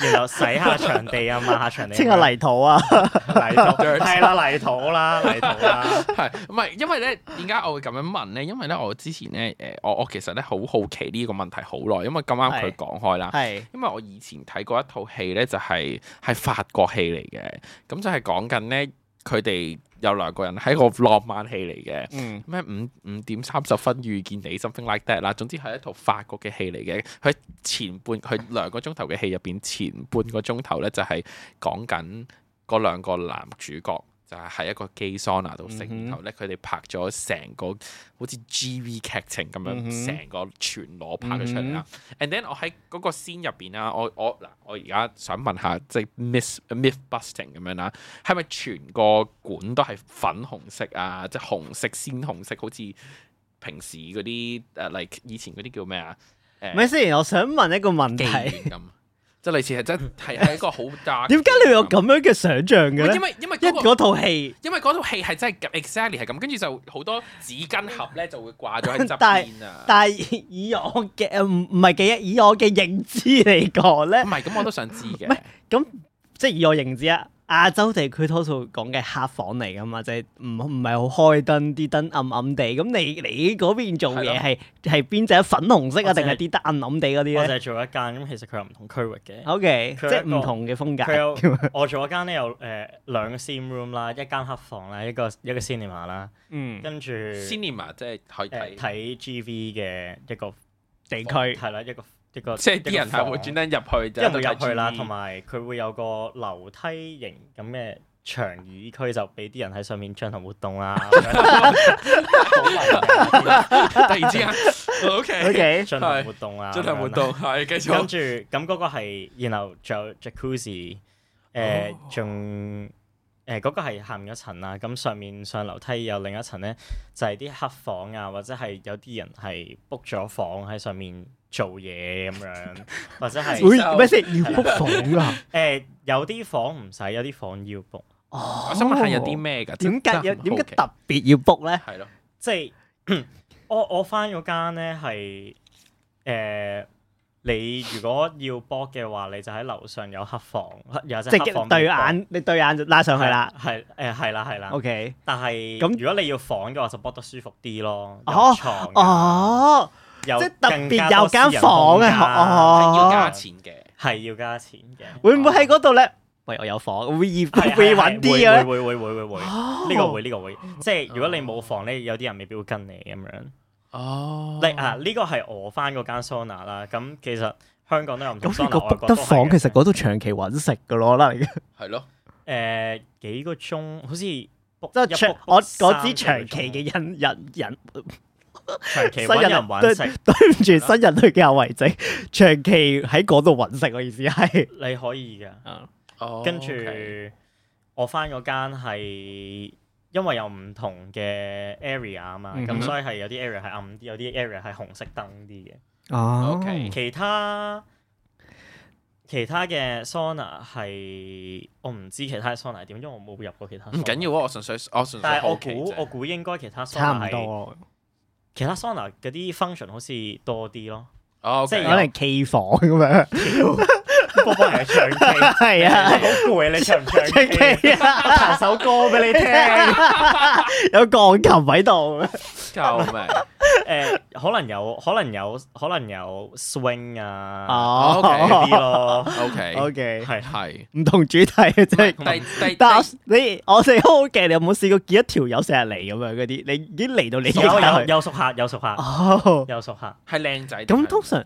然後洗下場地啊，抹下場地，清下泥土啊，泥土係啦，泥土啦，泥土啦，係唔係？因為咧，點解我會咁樣問咧？因為咧，我之前咧，誒，我我其實咧，好好奇呢個問題好耐，因為咁啱佢講開啦，係，因為我以前睇過一套戲咧，就係係法國戲嚟嘅，咁就係講緊咧。佢哋有兩個人係一個浪漫戲嚟嘅，咩五五點三十分遇見你 something like that 啦，總之係一套法國嘅戲嚟嘅。佢前半佢兩個鐘頭嘅戲入邊，前半個鐘頭咧就係、是、講緊嗰兩個男主角。就係喺一個基桑拿度識，然後咧佢哋拍咗成個好似 G V 劇情咁樣，成、嗯、哼個全裸拍咗出嚟啦。嗯、哼 And then 我喺嗰個 scene 入邊啦，我我嗱我而家想問下，即、就、係、是、mis myth busting 咁樣啦，係咪全個館都係粉紅色啊？即、就、係、是、紅色鮮紅色，好似平時嗰啲誒，例、uh, 如、like、以前嗰啲叫咩啊？誒、uh,，唔係，雖然，我想問一個問題。 就類似係真係係一個好大，點解你會有咁樣嘅想象嘅？因為因為一嗰套戲，因為嗰套戲係真係 exactly 係咁，跟住就好多紙巾盒咧就會掛咗喺側邊啊！ 但係以我嘅唔唔係記憶，以我嘅認知嚟講咧，唔係咁我都想知嘅。咁 即係以我認知啊。亞洲地區多數講嘅黑房嚟噶嘛，即係唔唔係好開燈，啲燈暗暗地。咁你你嗰邊做嘢係係邊隻粉紅色啊，定係啲燈暗暗地嗰啲咧？我就係做一間，咁其實佢有唔同區域嘅。OK，即係唔同嘅風格。我做一間咧，有、呃、誒兩個 s room 啦，一間黑房啦，一個一個 cinema 啦，跟住，cinema 即係睇 GV 嘅一個地區，係啦一個。一個即係啲人就會專登入去，入唔入去啦。同埋佢會有個樓梯形，咁嘅長椅區，就俾啲人喺上面進行活動啦。突然之間，OK，進行活動啦，進行活動係跟住咁嗰個係，然後仲有 Jacuzzi，誒仲誒嗰個係下邊一層啦。咁上面上樓梯有另一層咧，就係啲客房啊，或者係有啲人係 book 咗房喺上面。做嘢咁樣，或者係咩先要 book 房啊？誒，有啲房唔使，有啲房要 book。哦，我想問下有啲咩㗎？點解有？點解特別要 book 咧？係咯，即係我我翻嗰間咧係誒，你如果要 book 嘅話，你就喺樓上有客房，有即係對眼，你對眼就拉上去啦。係誒，係啦，係啦。O K，但係咁如果你要房嘅話，就 book 得舒服啲咯，有床㗎。哦。即係特別有間房啊！哦，要加錢嘅，係要加錢嘅。會唔會喺嗰度咧？喂，我有房，會會會揾啲啊！會會會會會會，呢個會呢個會。即係如果你冇房咧，有啲人未必會跟你咁樣。哦，你呢個係我翻嗰間桑拿啦。咁其實香港都有咁個北德房，其實嗰度長期揾食嘅咯啦，已經係咯。誒，幾個鐘，好似即係我嗰支長期嘅人。引引。長期揾人揾食，對唔住、啊、新人去教維正，長期喺嗰度揾食。我意思係你可以噶，啊哦、跟住、okay. 我翻嗰間係，因為有唔同嘅 area 啊嘛，咁、嗯、所以係有啲 area 係暗啲，有啲 area 係紅色燈啲嘅。哦、啊 okay，其他其他嘅 sauna 係我唔知其他 sauna 點，因為我冇入過其他 sauna，嗯。唔緊要啊，我純粹我純粹。但係我估我估應該其他差唔多。其他桑拿嗰啲 function 好似多啲咯，即係可能 K 房咁樣，波波嚟唱 K，係啊，好攰啊你唱唔唱 K 啊？我彈首歌俾你聽，有鋼琴喺度救命？誒可能有可能有可能有 swing 啊，啲、oh okay、咯，OK OK 係係唔同主題即係，嗯、但係你我哋好 OK，你有冇試過見一條友成日嚟咁樣嗰啲？你已經嚟到你熟客，又熟客又、oh, 熟客哦，又熟客係靚仔。咁通常。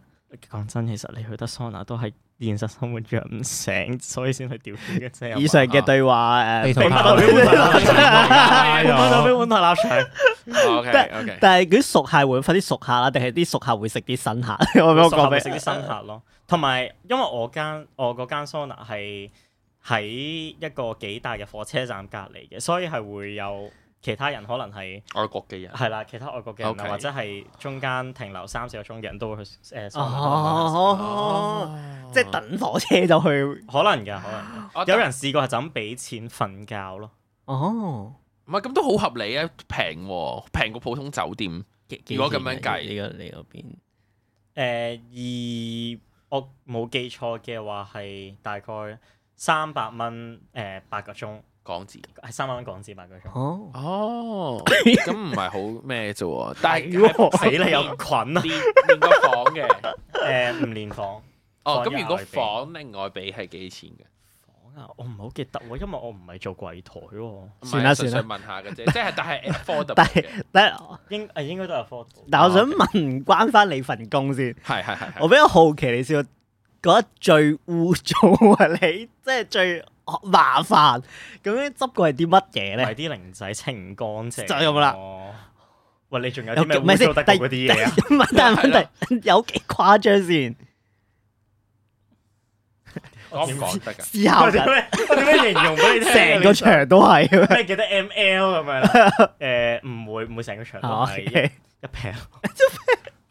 講真，其實你去得桑拿都係現實生活着唔醒，所以先去釣魚嘅啫。以上嘅對話誒，俾碗俾碗台拉腸。但係，但係嗰啲熟客會翻啲熟客啦，定係啲熟客會食啲新客？我俾我講俾。熟客會食啲新客咯。同埋，因為我間我嗰間桑拿係喺一個幾大嘅火車站隔籬嘅，所以係會有。其他人可能係外國嘅人，係啦，其他外國嘅人 Okay. 或者係中間停留三四個鐘嘅人都會去，呃、即係等火車就去。可能㗎，可能、oh, 有人試過就咁俾錢瞓覺咯。哦、oh. 嗯，唔係，咁都好合理嘅，平喎、啊，平過普通酒店。如果咁樣計，你嗰邊？誒、呃，而我冇記錯嘅話係大概三百蚊誒八個鐘。港紙，係三萬蚊港紙買嗰張。哦，咁唔係好咩啫喎？但如果死你又唔捆啊！連個房嘅，誒，唔連房。哦，咁如果房另外俾係幾錢嘅？房啊，我唔好記得喎，因為我唔係做櫃台喎。算啦算啦，問下嘅啫，即係但係，但係但係應係應該都有 p 但係我想問，關翻你份工先。係係係。我比較好奇你先，覺得最污糟啊！你即係最。哦，麻煩咁樣執過係啲乜嘢咧？係啲零仔清乾淨就咁啦。喂，你仲有啲咩唔收得嗰啲嘢啊？但係問題有幾誇張先？我點講得噶？事後噶咩？我點樣形容俾你聽？成個場都係咩？幾多 ml 咁樣？誒，唔會唔會成個場都係嘅？一平。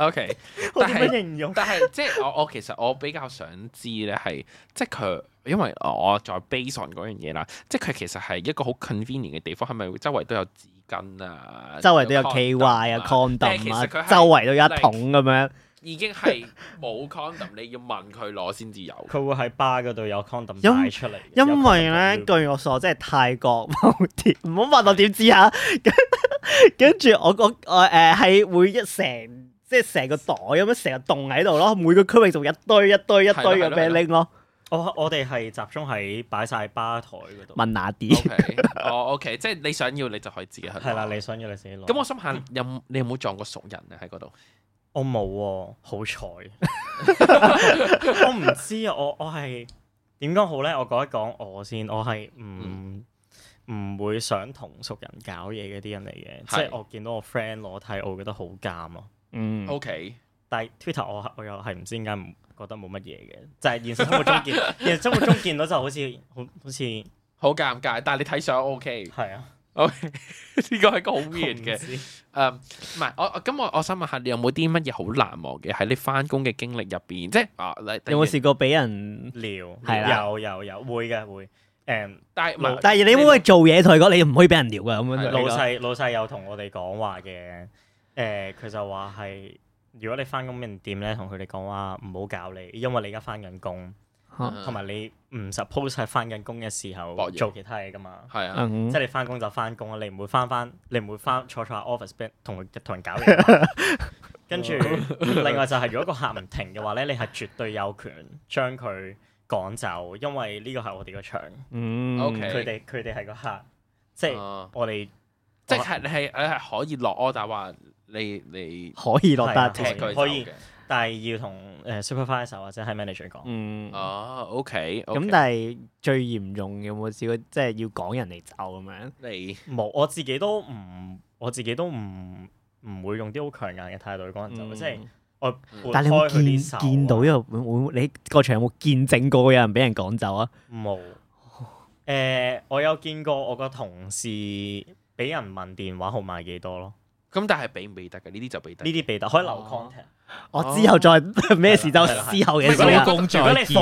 O Okay , K， 但係點形容？但係即係我我其實我比較想知咧，係即係佢，因為我在 b a s i n 嗰樣嘢啦，即係佢其實係一個好 convenient 嘅地方，係咪周圍都有紙巾啊？周圍都有 K Y 啊，condom 啊？周圍都有一、啊、桶咁樣，已經係冇 condom，你要問佢攞先至有。佢 會喺 bar 嗰度有 condom 帶出嚟，因為咧據我所知係泰國冇啲，唔好 問我點知啊。跟住 我個我誒係、呃、會一成。即係成個袋咁樣成日棟喺度咯每個區域仲一堆一堆一堆咁俾你拎咯。我我哋係集中喺擺晒吧台嗰度，問下啲。哦，OK，即係你想要你就可以自己去。係啦，你想要你自己攞。咁我想問，有你有冇撞過熟人啊？喺嗰度，我冇喎，好彩。我唔知啊，我我係點講好咧？我講一講我先，我係唔唔會想同熟人搞嘢嗰啲人嚟嘅。即係我見到我 friend 裸體，我會覺得好尷咯。嗯，OK，但係 Twitter 我我又係唔知點解唔覺得冇乜嘢嘅，就係現實生活中見，現實生活中見到就好似好似好尷尬，但係你睇相 OK，係啊，OK，呢個係個好 man 嘅，誒，唔係我，咁我我想問下你有冇啲乜嘢好難忘嘅喺你返工嘅經歷入邊，即係啊，你有冇試過俾人撩？有有有，會嘅會，誒，但係但係你會唔會做嘢同佢講？你唔可以俾人撩噶咁樣，老細老細有同我哋講話嘅。誒，佢就話係，如果你翻工唔掂咧，同佢哋講話唔好搞你，因為你而家翻緊工，同埋你唔 suppose 係翻緊工嘅時候做其他嘢噶嘛，即係你翻工就翻工啊，你唔會翻翻，你唔會翻坐坐喺 office 邊同同人搞嘢，跟住另外就係如果個客唔停嘅話咧，你係絕對有權將佢趕走，因為呢個係我哋個場，嗯，佢哋佢哋係個客，即係我哋，即係你係你係可以落 order 話。你你可以落得踢佢走，但係要同誒、呃、supervisor 或者係 manager 講。嗯，哦、啊、OK, okay。咁但係最嚴重有冇試過，即係要趕人嚟走咁樣？你冇，我自己都唔，我自己都唔唔會用啲好強硬嘅態度去趕人走，即係、嗯、我。嗯、但你有冇見，見到因為會你個場有冇見證過有人俾人趕走啊？冇。誒、呃，我有見過我個同事俾人問電話號碼幾多咯。咁但係俾唔俾得嘅呢？啲就俾得，呢啲俾得可以留 contact。我之後再咩事都思考嘅，放工再見。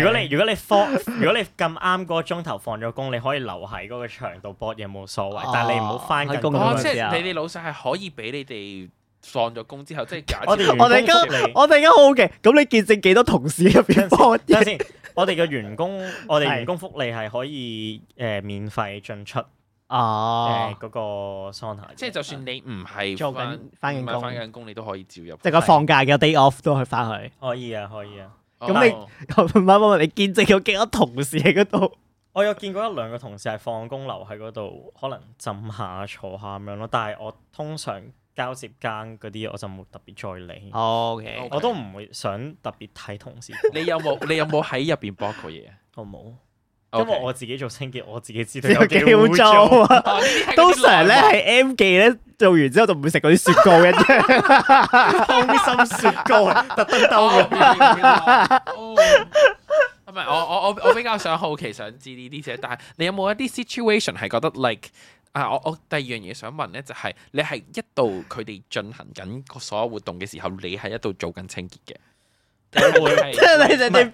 如果你如果你放，如果你咁啱嗰個鐘頭放咗工，你可以留喺嗰個場度博嘢冇所謂，但係你唔好翻工。哦，即係你哋老細係可以俾你哋放咗工之後，即係假設員工福利。我哋而家好好奇，咁你見證幾多同事入邊博嘢？睇下先，我哋嘅員工，我哋員工福利係可以誒免費進出。哦，嗰、呃那個桑拿，即係就算你唔係做緊翻緊工，翻緊工，你都可以照入，即係個放假嘅 day off 都可以翻去，可以啊，可以啊。咁、哦、你唔係唔係？你見證咗幾多同事喺嗰度？我有見過一兩個同事係放工留喺嗰度，可能浸下、坐下咁樣咯。但係我通常交接更嗰啲，我就冇特別再理、哦。OK，okay. 我都唔會想特別睇同事 你有有。你有冇？你 有冇喺入邊 book 過嘢？我冇。咁我自己做清潔，我自己知道有幾污糟。通常咧係 M 記咧做完之後就唔會食嗰啲雪糕嘅，空 心雪糕，特登兜唔係，我、哦、 我我我比較想好奇想知呢啲啫。但係你有冇一啲 situation 係覺得 like 啊？我我第二樣嘢想問咧，就係、是、你係一度佢哋進行緊所有活動嘅時候，你係一度做緊清潔嘅。會 即係你哋哋俾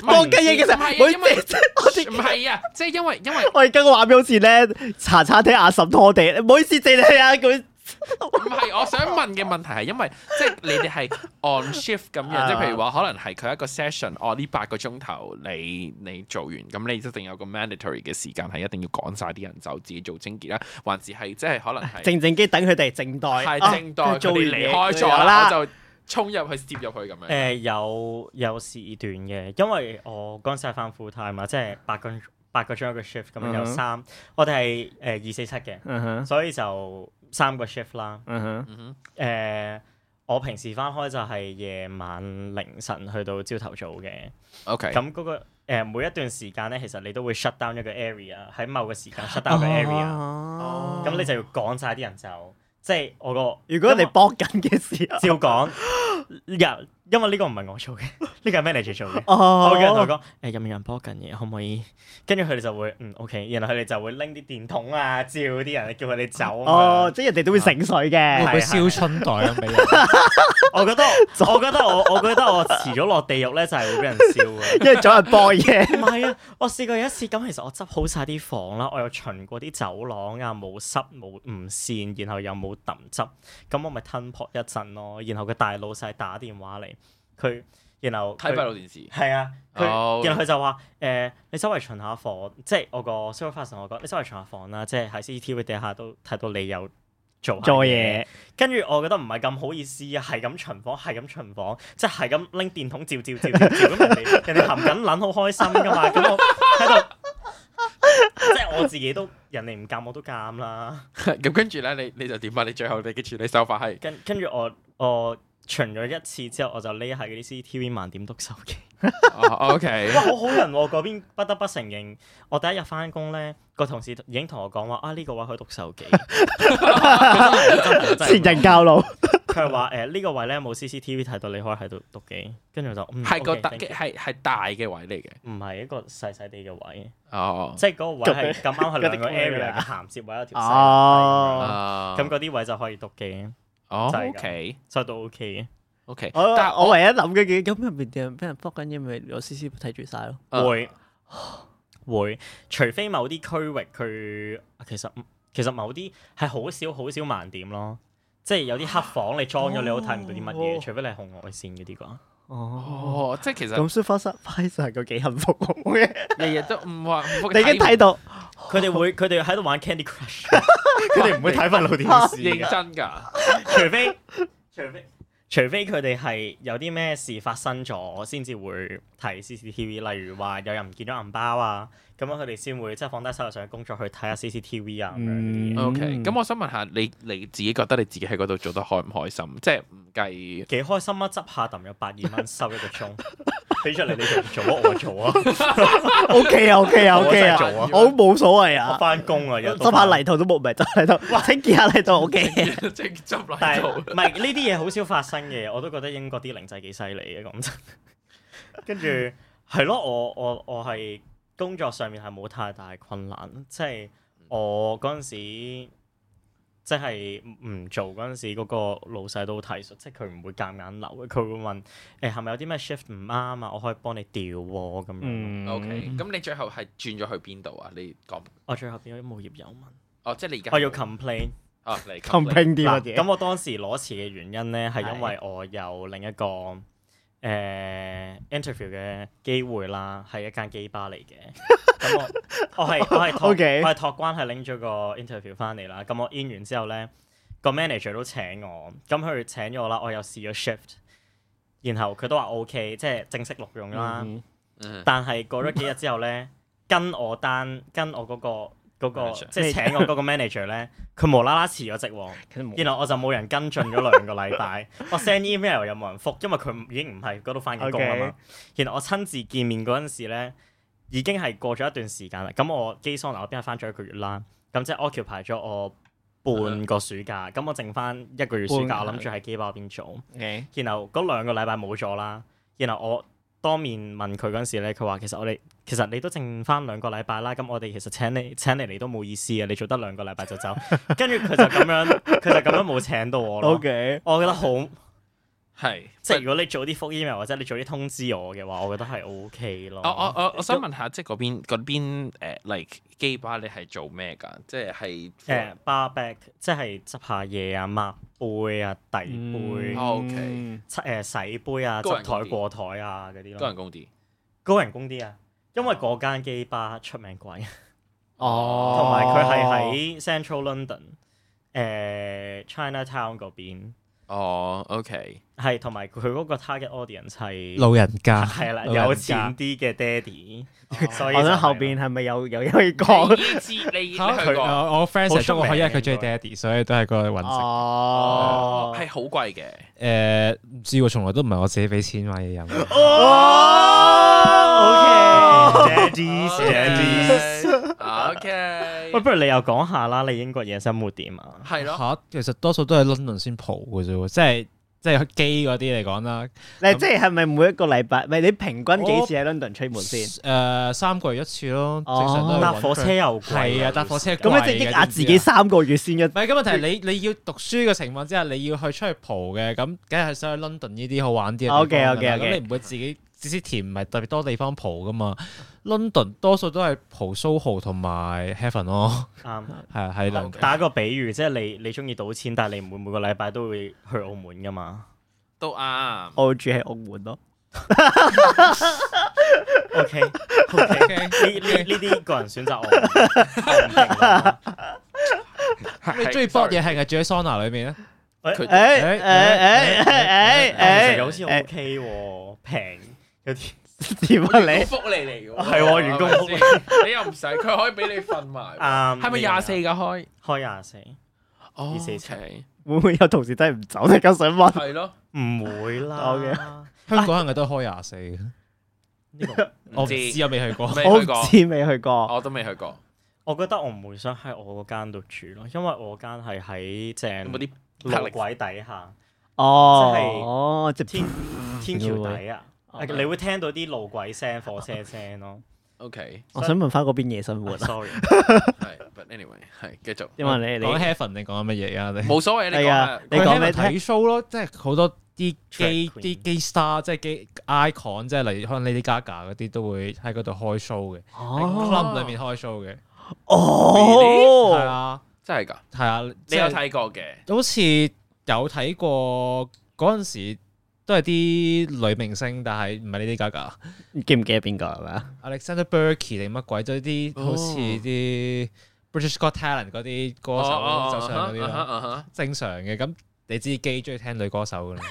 多嘅嘢其實，唔係因為即係唔係啊！即、就、係、是、因為因為我哋家個話俾好似咧茶餐廳阿嬸拖地，唔好意思，謝你啊！佢唔係我想問嘅問題係因為 即係你哋係 on shift 咁樣， 即係譬如話可能係佢一個 session，哦，呢八個鐘頭你你做完，咁你一定有個 mandatory 嘅時間係一定要趕晒啲人走，自己做清潔啦，還是係即係可能係靜靜機等佢哋靜待，係靜待做離開咗啦。就了衝入去，接入去咁樣。誒、呃、有有時段嘅，因為我嗰陣時係翻 full time 嘛，即係八個八個鐘一個 shift 咁樣、嗯、哼有三，我哋係誒二四七嘅，所以就三個 shift 啦。誒、嗯哼呃，我平時翻開就係夜晚凌晨去到朝頭早嘅。OK 咁嗰個誒、呃、每一段時間咧，其實你都會 shut down 一個 area 喺某個時間 shut down 個 area、啊。哦、啊。咁你就要趕曬啲人走。即係我個，如果你搏緊嘅時候，照講入。因為呢個唔係我做嘅，呢個係 manager 做嘅。哦，我叫人同我講。誒，有冇人播緊嘢？可唔可以？跟住佢哋就會，嗯，OK。然後佢哋就會拎啲電筒啊，照啲人，叫佢哋走。哦，樣哦即係人哋都會醒水嘅。會燒是春袋咁 我覺得我，我覺得我遲早落地獄咧，就係會俾人燒嘅，因為早日播嘢。唔 係啊，我試過有一次咁，其實我執好晒啲房啦，我又巡過啲走廊啊，冇濕冇唔善，然後又冇揼汁，咁我咪吞破一陣咯。然後個大老細打電話嚟。佢，然後睇閉路電視，係啊。佢，oh, yeah. 然後佢就話：誒、呃，你周圍巡，巡下房，即係我個手法上，我講你周圍巡下房啦。即係喺 CCTV 底下都睇到你有做做嘢事。跟住我覺得唔係咁好意思啊，係咁巡房，係咁巡房，即係咁拎電筒照照照照咁人哋，人哋含緊撚好開心噶嘛。咁我喺度， 即係我自己都人哋唔監我都監啦。咁跟住咧，你你就點啊？你最後你嘅處理手法係？跟跟住我我。我巡咗一次之後，我就匿喺嗰啲 CCTV 盲點讀手機。O K，好好人喎，啊！嗰邊不得不承認，我第一日翻工咧，個同事已經同我講話啊，呢、呢個位可以讀手機。前人、 嗯、教路，佢係話呢個位咧冇 CCTV 睇到你可以喺度讀記，跟住就係、嗯、個 okay, thank 大嘅係係大嘅位嚟嘅，唔係一個細細地嘅位。即係嗰個位係咁啱喺兩個 area 嘅銜接位一條線。咁嗰啲位就可以讀記。就係嘅，就都、oh, OK 嘅，OK。但我唯一諗嘅嘢，咁入邊點俾人復緊嘢，咪我 CC 睇住晒咯。會、啊、會，除非某啲區域佢其實其實某啲係好少好少盲點咯。即係有啲黑房你裝咗你都睇唔到啲乜嘢，oh, oh. 除非你係紅外線嗰啲啩。哦，即係其實咁 surprise 係個幾幸福嘅。日日都唔話，你已經睇到佢哋會，佢哋喺度玩 Candy Crush，佢哋唔會睇憤老電視㗎，認真㗎，除非除非除非佢哋係有啲咩事發生咗，我先至會睇 CCTV，例如話有人唔見咗銀包啊。咁樣佢哋先會即係、就是、放低手頭上嘅工作去睇下 CCTV 啊，咁、嗯、樣 O K。咁我想問下你，你自己覺得你自己喺嗰度做得開唔開心？即係唔計幾開心啊？執下揼有百二蚊收一個鐘，俾 出嚟你哋唔做我做啊。O K 啊，O K 啊，O K 啊，我冇所謂啊。我翻工啊，執下泥土都冇味，執哇泥土，或者見下泥頭 O K。即係執泥頭。唔係呢啲嘢好少發生嘅，我都覺得英國啲靈仔幾犀利嘅講真。 跟住係咯，我我我係。我工作上面係冇太大困難，即、就、係、是、我嗰陣時即係唔做嗰陣時，嗰、那個老細都體恤，即係佢唔會夾硬留，佢會問誒係咪有啲咩 shift 唔啱啊？我可以幫你調喎咁樣。O K，咁你最後係轉咗去邊度啊？你講我最後變咗啲無業遊民。哦，即係你而家我要 complain 啊、 哦，你 complain 啲乜嘢、 嗯？咁我當時攞辭嘅原因咧，係因為我有另一個。誒、呃、interview 嘅機會啦，係一間基吧嚟嘅。咁 我我係我係 我係託關係拎咗個 interview 翻嚟啦。咁我 in 完之後咧，個 manager 都請我，咁佢請咗我啦。我又試咗 shift，然後佢都話 OK，即係正式錄用啦。嗯嗯，但係過咗幾日之後咧， 跟我單跟我嗰個。嗰、那個即係請我嗰個 manager 咧， 佢無啦啦辭咗職喎，然後我就冇人跟進咗兩個禮拜，我 send email 又冇人覆，因為佢已經唔係嗰度翻緊工啦嘛。然後我親自見面嗰陣時咧，已經係過咗一段時間啦。咁我基桑拿嗰邊翻咗一個月啦，咁即係 occupy 咗我半個暑假，咁 我剩翻一個月暑假，我諗住喺基巴嗰邊做。Okay. 然後嗰兩個禮拜冇咗啦，然後我。當面問佢嗰陣時咧，佢話：其實我哋其實你都剩翻兩個禮拜啦，咁我哋其實請你請你嚟都冇意思嘅，你做得兩個禮拜就走。跟住佢就咁樣，佢就咁樣冇請到我咯。O Okay . K，我覺得好。 係，即係如果你早啲覆 email 或者你早啲通知我嘅話，我覺得係 O K 咯。我我我我想問下，呃、即係嗰邊嗰邊誒雞巴你係做咩噶？即係誒、uh, barback，即係執下嘢啊、抹杯啊、遞杯。嗯、o、okay、洗杯啊、執台過台啊嗰啲咯。高人工啲，高人工啲啊！因為嗰間雞巴出名貴。同埋佢係喺 Central London，誒、呃、China Town 嗰邊。哦，OK，係同埋佢嗰個 Target Audience 係老人家，係啦，有錢啲嘅爹哋，所以後邊係咪有有可以講？你知你佢 friend 識得我，因為佢中意爹哋，所以都係個穩食。哦，係好貴嘅，誒，唔知喎，從來都唔係我自己俾錢買嘢飲。哦，OK，Daddies，Daddies，OK。喂，不如你又講下啦，你英國夜生活點的啊？係咯嚇，其實多數都係 London 先蒲嘅啫喎，即係即係機嗰啲嚟講啦。你那那即係係咪每一個禮拜？唔係我你平均幾次喺 London 出門先？誒、呃、三個月一次咯，正常都係揾。搭、哦、火車又貴，啊，搭火車咁你即係壓自己三個月先一。唔係咁問題你，你你要讀書嘅情況之下，你要去出去蒲嘅，咁梗係想去 London 呢啲好玩啲、哦。OK OK 咁、okay, okay. 你唔會自己。啲甜唔係特別多地方蒲㗎嘛，London 多數都係蒲 Soho 同埋 Heaven 咯，啱，係啊係。打個比喻，即係你你中意賭錢，但係你唔會每個禮拜都會去澳門㗎嘛，都啱。我會住喺澳門咯。O K O K 呢呢呢啲個人選擇我。你中意搏嘢係咪住喺桑拿裏面咧？佢誒誒誒誒誒誒好似 OK 喎，平。有啲點啊？你福利嚟嘅，係喎員工福利，你又唔使，佢可以俾你瞓埋。啱，係咪廿四噶開？開廿四，二四七，會唔會有同事真係唔走？突然間想問。係咯，唔會啦。香港人係咪都開廿四？我唔知，我未去過，我唔知，未去過，我都未去過。我覺得我唔會想喺我間度住咯，因為我間係喺正嗰啲路軌底下，哦，即係哦，天天橋底啊。你會聽到啲路軌聲、火車聲咯。OK，我想問翻嗰邊夜生活。Sorry，係，but anyway 係繼續。因為你你講 Heaven 你講緊乜嘢啊？你冇所謂你講，你講睇 show 咯，即係好多啲機啲機 star，即係機 icon，即係例如可能 Lady Gaga 嗰啲都會喺嗰度開 show 嘅，club 裏面開 show 嘅。哦，係啊，真係㗎，係啊，你有睇過嘅？好似有睇過嗰陣時。都係啲女明星，但係唔係呢啲價格。記唔記得邊個啊？Alexander Burke 定乜鬼？都係啲好似啲 British Got Talent 嗰啲歌手，手上嗰啲正常嘅。咁你知基中意聽女歌手噶啦，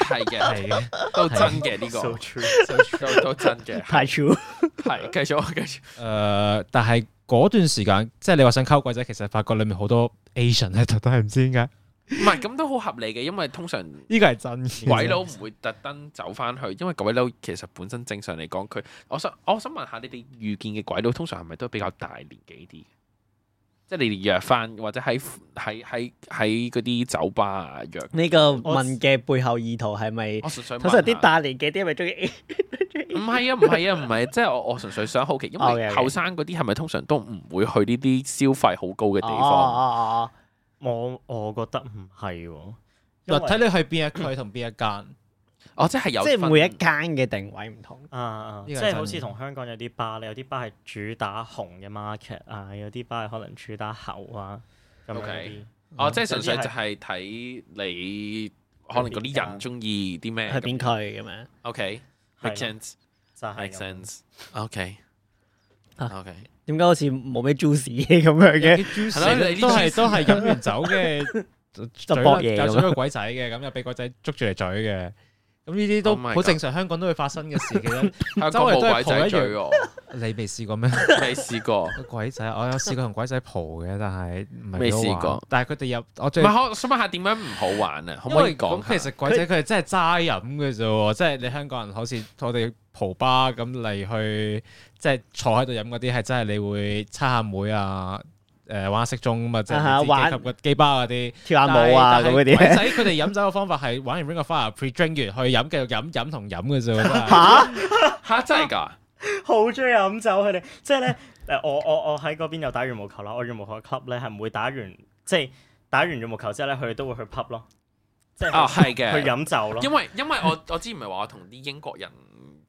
係嘅，係嘅，都真嘅呢個，都真嘅，太 true。係，繼續，我繼續。誒，但係嗰段時間，即係你話想溝鬼仔，其實發覺裏面好多 Asian 咧，都都係唔知點解。唔係，咁都好合理嘅，因為通常呢個係真嘅。鬼佬唔會特登走翻去，因為鬼佬其實本身正常嚟講，佢我想我想問下你哋，遇見嘅鬼佬，通常係咪都是比較大年紀啲？即係你哋約翻或者喺喺喺喺嗰啲酒吧啊約？呢個問嘅背後意圖係咪？我純粹，通常啲大年紀啲咪中意？唔係啊，唔係啊，唔係，即係我我純粹想好奇，因為 Okay. 後生嗰啲係咪通常都唔會去呢啲消費好高嘅地方？Oh, oh, oh, oh, oh. 我我覺得唔係喎，睇你去邊一區同邊一間，嗯、哦即係有即係每一間嘅定位唔同啊，即係好似同香港有啲巴你有啲巴係主打紅嘅 market 啊，有啲巴可能主打喉啊，咁 OK，樣哦，哦即係純粹就係睇你可能嗰啲人鍾意啲咩，係邊區嘅咩？OK，make、okay, sense 的 make sense，OK、okay。啊，OK，點解好似冇咩 juicy 咁樣嘅？係咯，你呢啲都係都係飲完酒嘅就博嘢，咁個鬼仔嘅，咁又俾鬼仔捉住嚟嘴嘅，咁呢啲都唔係好正常，香港都會發生嘅事嘅。香港冇鬼仔嘴，你未試過咩？未試過鬼仔，我有試過同鬼仔蒲嘅，但係唔係未試過。但係佢哋又，我最唔係，我想問下點樣唔好玩啊？可唔可以講？其實鬼仔佢哋真係齋飲嘅啫，即係你香港人好似我哋。蒲吧咁嚟去，即係坐喺度飲嗰啲係真係你會猜下妹啊，誒，玩骰盅咁啊，即係幾級嘅機巴嗰啲跳下舞啊咁嗰啲。仔佢哋飲酒嘅方法係玩完 Ring of Fire，pre drink 完去飲，繼續飲飲同飲嘅啫。吓吓真係噶，好中意飲酒佢哋，即係咧誒，我我我喺嗰邊又打羽毛球啦，我羽毛球 club 咧係唔會打完，即係打完羽毛球之後咧，佢哋都會去 pub 咯，即係哦，係嘅，去飲酒咯。因為因為我我之前唔係話我同啲英國人。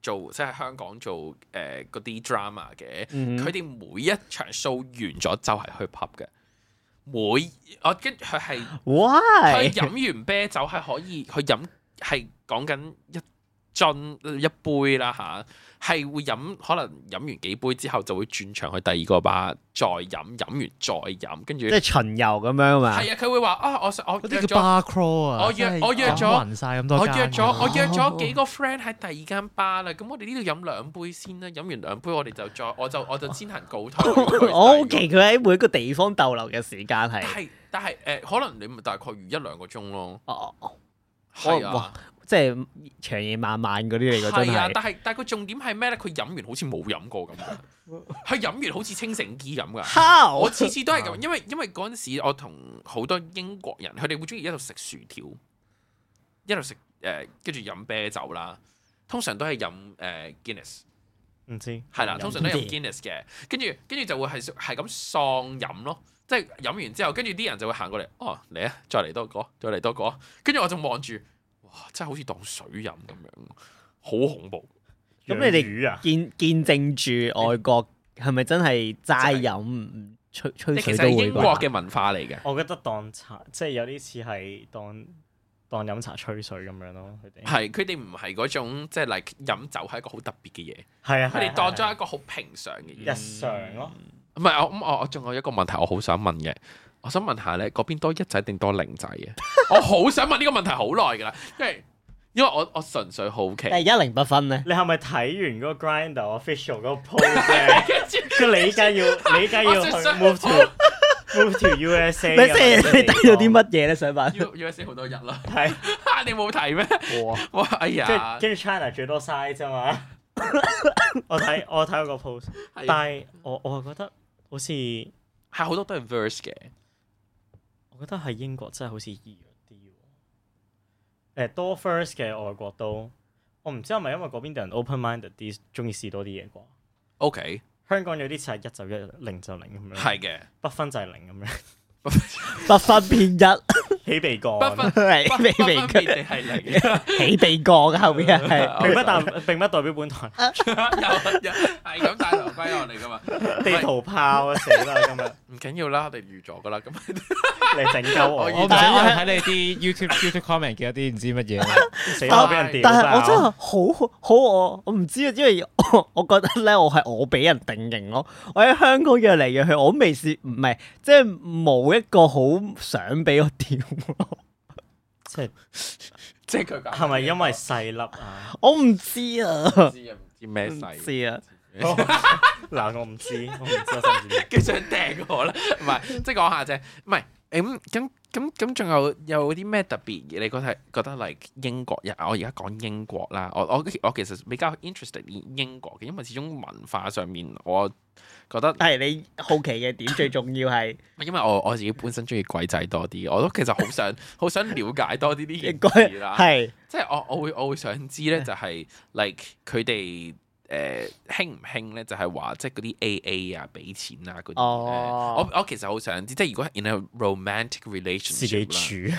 做即係香港做誒嗰啲 drama 嘅，佢、呃、哋、mm hmm. 每一場 show 完咗就係去 pub 嘅。每我跟住佢係 why？佢飲完啤酒係可以去飲，佢飲係講緊一進一杯啦嚇，係會飲，可能飲完幾杯之後就會轉場去第二個吧，再飲，飲完再飲，跟住即係巡遊咁樣嘛。係啊，佢會話啊、哦，我我啲叫 bar crawl 啊。我約巴巴我約咗混晒咁多我。我約咗我約咗幾個 friend 喺第二間吧啦，咁我哋呢度飲兩杯先啦，飲完兩杯我哋就再，我就我就先行告退。我好 奇佢喺每一個地方逗留嘅時間係係，但係誒、呃，可能你咪大概預一兩個鐘咯。哦哦哦，係啊。即係長夜漫漫嗰啲嚟嘅，係啊！但係但係佢重點係咩咧？佢飲完好似冇飲過咁，佢飲 完好似清醒啲咁噶。 我次次都係咁，因為因為嗰陣時我同好多英國人，佢哋會中意一路食薯條，一路食誒，跟住飲啤酒啦。通常都係飲誒、呃、Guinness，唔知係啦。的通常都飲 Guinness 嘅，跟住跟住就會係係咁喪飲咯。即係飲完之後，跟住啲人就會行過嚟，哦嚟啊！再嚟多個，再嚟多個。跟住我就望住。真係好似當水飲咁樣，好恐怖。咁你哋見見證住外國係咪真係齋飲吹吹水都會？其實英國嘅文化嚟嘅，我覺得當茶即係有啲似係當當飲茶吹水咁樣咯。佢哋係佢哋唔係嗰種即係嚟飲酒係一個好特別嘅嘢，係啊。佢哋當咗一個好平常嘅嘢。日常咯、啊。唔係我咁我我仲有一個問題我好想問嘅。我想問下咧，嗰邊多一仔定多零仔嘅？我好想問呢個問題好耐噶啦，因為因為我我純粹好奇，但係一零不分咧。你係咪睇完嗰個 Grinder official 嗰個 post？跟住你依家要，你依家要去 move to move to USA。你你睇咗啲乜嘢咧？上班 USA 好多日咯。係，你冇睇咩？哇哎呀，跟住 China 最多 size 啫嘛。我睇我睇嗰個 post，但係我我覺得好似係好多都係 verse 嘅。我覺得喺英國真係好似易啲喎，欸，多 first 嘅外國都，我唔知係咪因為嗰邊啲人 open minded 啲，中意試多啲嘢啩？OK，香港有啲似係一就一，零就零咁樣，係嘅，不分就係零咁樣，不分不分偏一。喜未過，係喜未過，定係嚟嘅。喜未過嘅後邊係，並不但並不代表本台有有想大頭龜我嚟噶嘛？地圖炮死啦！咁樣唔緊要啦，我哋預咗噶啦，咁嚟整鳩我。我睇睇你啲 YouTube YouTube comment 見一啲唔知乜嘢，死啦！俾人屌。但係我真係好好，我我唔知啊，因為我我覺得咧，我係我俾人定型咯。我喺香港越嚟越去，我都未試，唔係即係冇一個好想俾我屌。 即係是即係佢講，係咪因為細粒啊？ 我唔知，啊，知啊，唔知，知啊 知，唔 知咩細，啊。嗱，我唔知，我唔知，我唔知。佢 想踢我啦，唔係，即係講下啫，唔係，咁、嗯、咁。咁咁仲有有啲咩特別嘢？你覺得覺得 like 英國人？我而家講英國啦，我我我其實比較 interesting 英國嘅，因為始終文化上面我覺得係你好奇嘅點最重要係， 因為我我自己本身中意鬼仔多啲我都其實好想好 想了解多啲啲嘢啦，係即係我我會我會想知咧、就係，就係 like 佢哋。誒興唔興咧？就係、是、話即係嗰啲 A A 啊，俾錢啊嗰啲、oh. uh, 我我其實好想知，即係如果 in a romantic relationship 自己煮，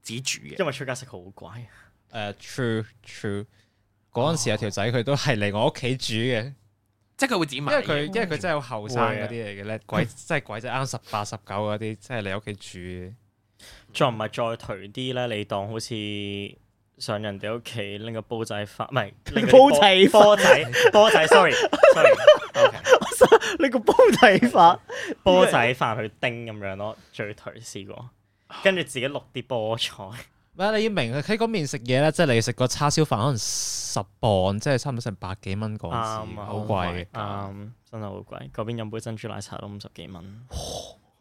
自己煮嘅。因為出街食好貴。誒、uh,，true true。嗰陣時有條仔佢都係嚟我屋企煮嘅，即係佢會自己買因。因為佢因為佢真係好後生嗰啲嚟嘅咧，鬼即係鬼仔啱十八十九嗰啲，即係嚟屋企煮。嗯、再唔係再頹啲咧，你當好似。上人哋屋企拎個煲仔飯，唔係，煲仔飯，仔，煲仔，sorry，sorry，拎個煲仔飯，煲仔飯去叮咁樣咯。最頹試過，跟住 自己淥啲菠菜。唔係你要明喺嗰邊食嘢咧，即係你食個叉燒飯可能十磅，即係差唔多成百幾蚊啱啊，好、um, 貴，啱，um, 真係好貴。嗰、um, 邊飲杯珍珠奶茶都五十幾蚊。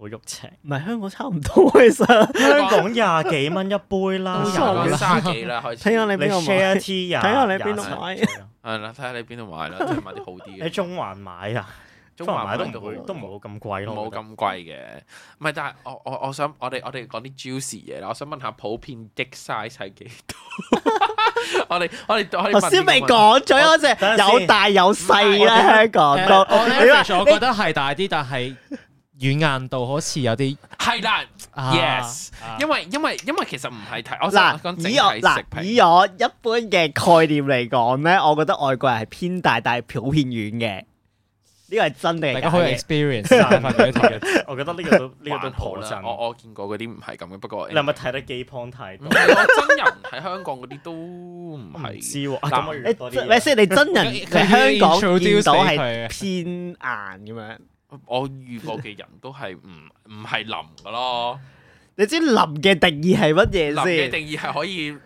好喐赤，唔係香港差唔多，其實香港廿幾蚊一杯啦，廿幾啦，開始。睇下你邊，你 share 啲廿廿七。係啦，睇下你邊度買啦，即係買啲好啲。喺中環買啊，中環買都唔會，都冇咁貴咯，冇咁貴嘅。唔係，但係我我我想我哋我哋講啲 juicy 嘢啦，我想問下普遍的 size 係幾多？我哋我哋頭先未講咗嗰隻，有大有細啦。香港都，我咧其實我覺得係大啲，但係。軟硬度好似有啲係啦，yes，因為因為因為其實唔係睇，我就係講整體嗱，以我一般嘅概念嚟講咧，我覺得外國人係偏大，但係普遍軟嘅。呢個係真定係假嘅？大家 Experience，我覺得呢個呢個都好信。我我見過嗰啲唔係咁嘅，不過你係咪睇得機旁太多？真人喺香港嗰啲都唔係知喎。咁我遇多你真人喺香港見到係偏硬咁樣。我遇過嘅人都係唔唔係淋嘅咯，你知淋嘅定義係乜嘢先？淋嘅定義係可以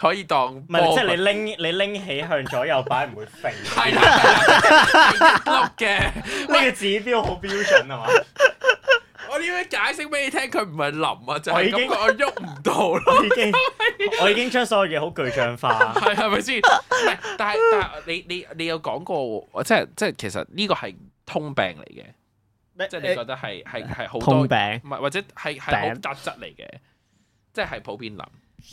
可以當唔係是即係你拎起 你拎起向左右擺唔會飛。係啦， 嘅呢個指標好標準係嘛？喂 我點解解釋俾你聽？佢唔係淋啊， 就係我已經 我喐唔到啦。已經，我已經將所有嘢好具象化，係係咪先？但係但係你你你有講過，即係即係其實呢個係。通病嚟嘅，即係你覺得係係係好通病，唔係或者係係好雜質嚟嘅，即係普遍林，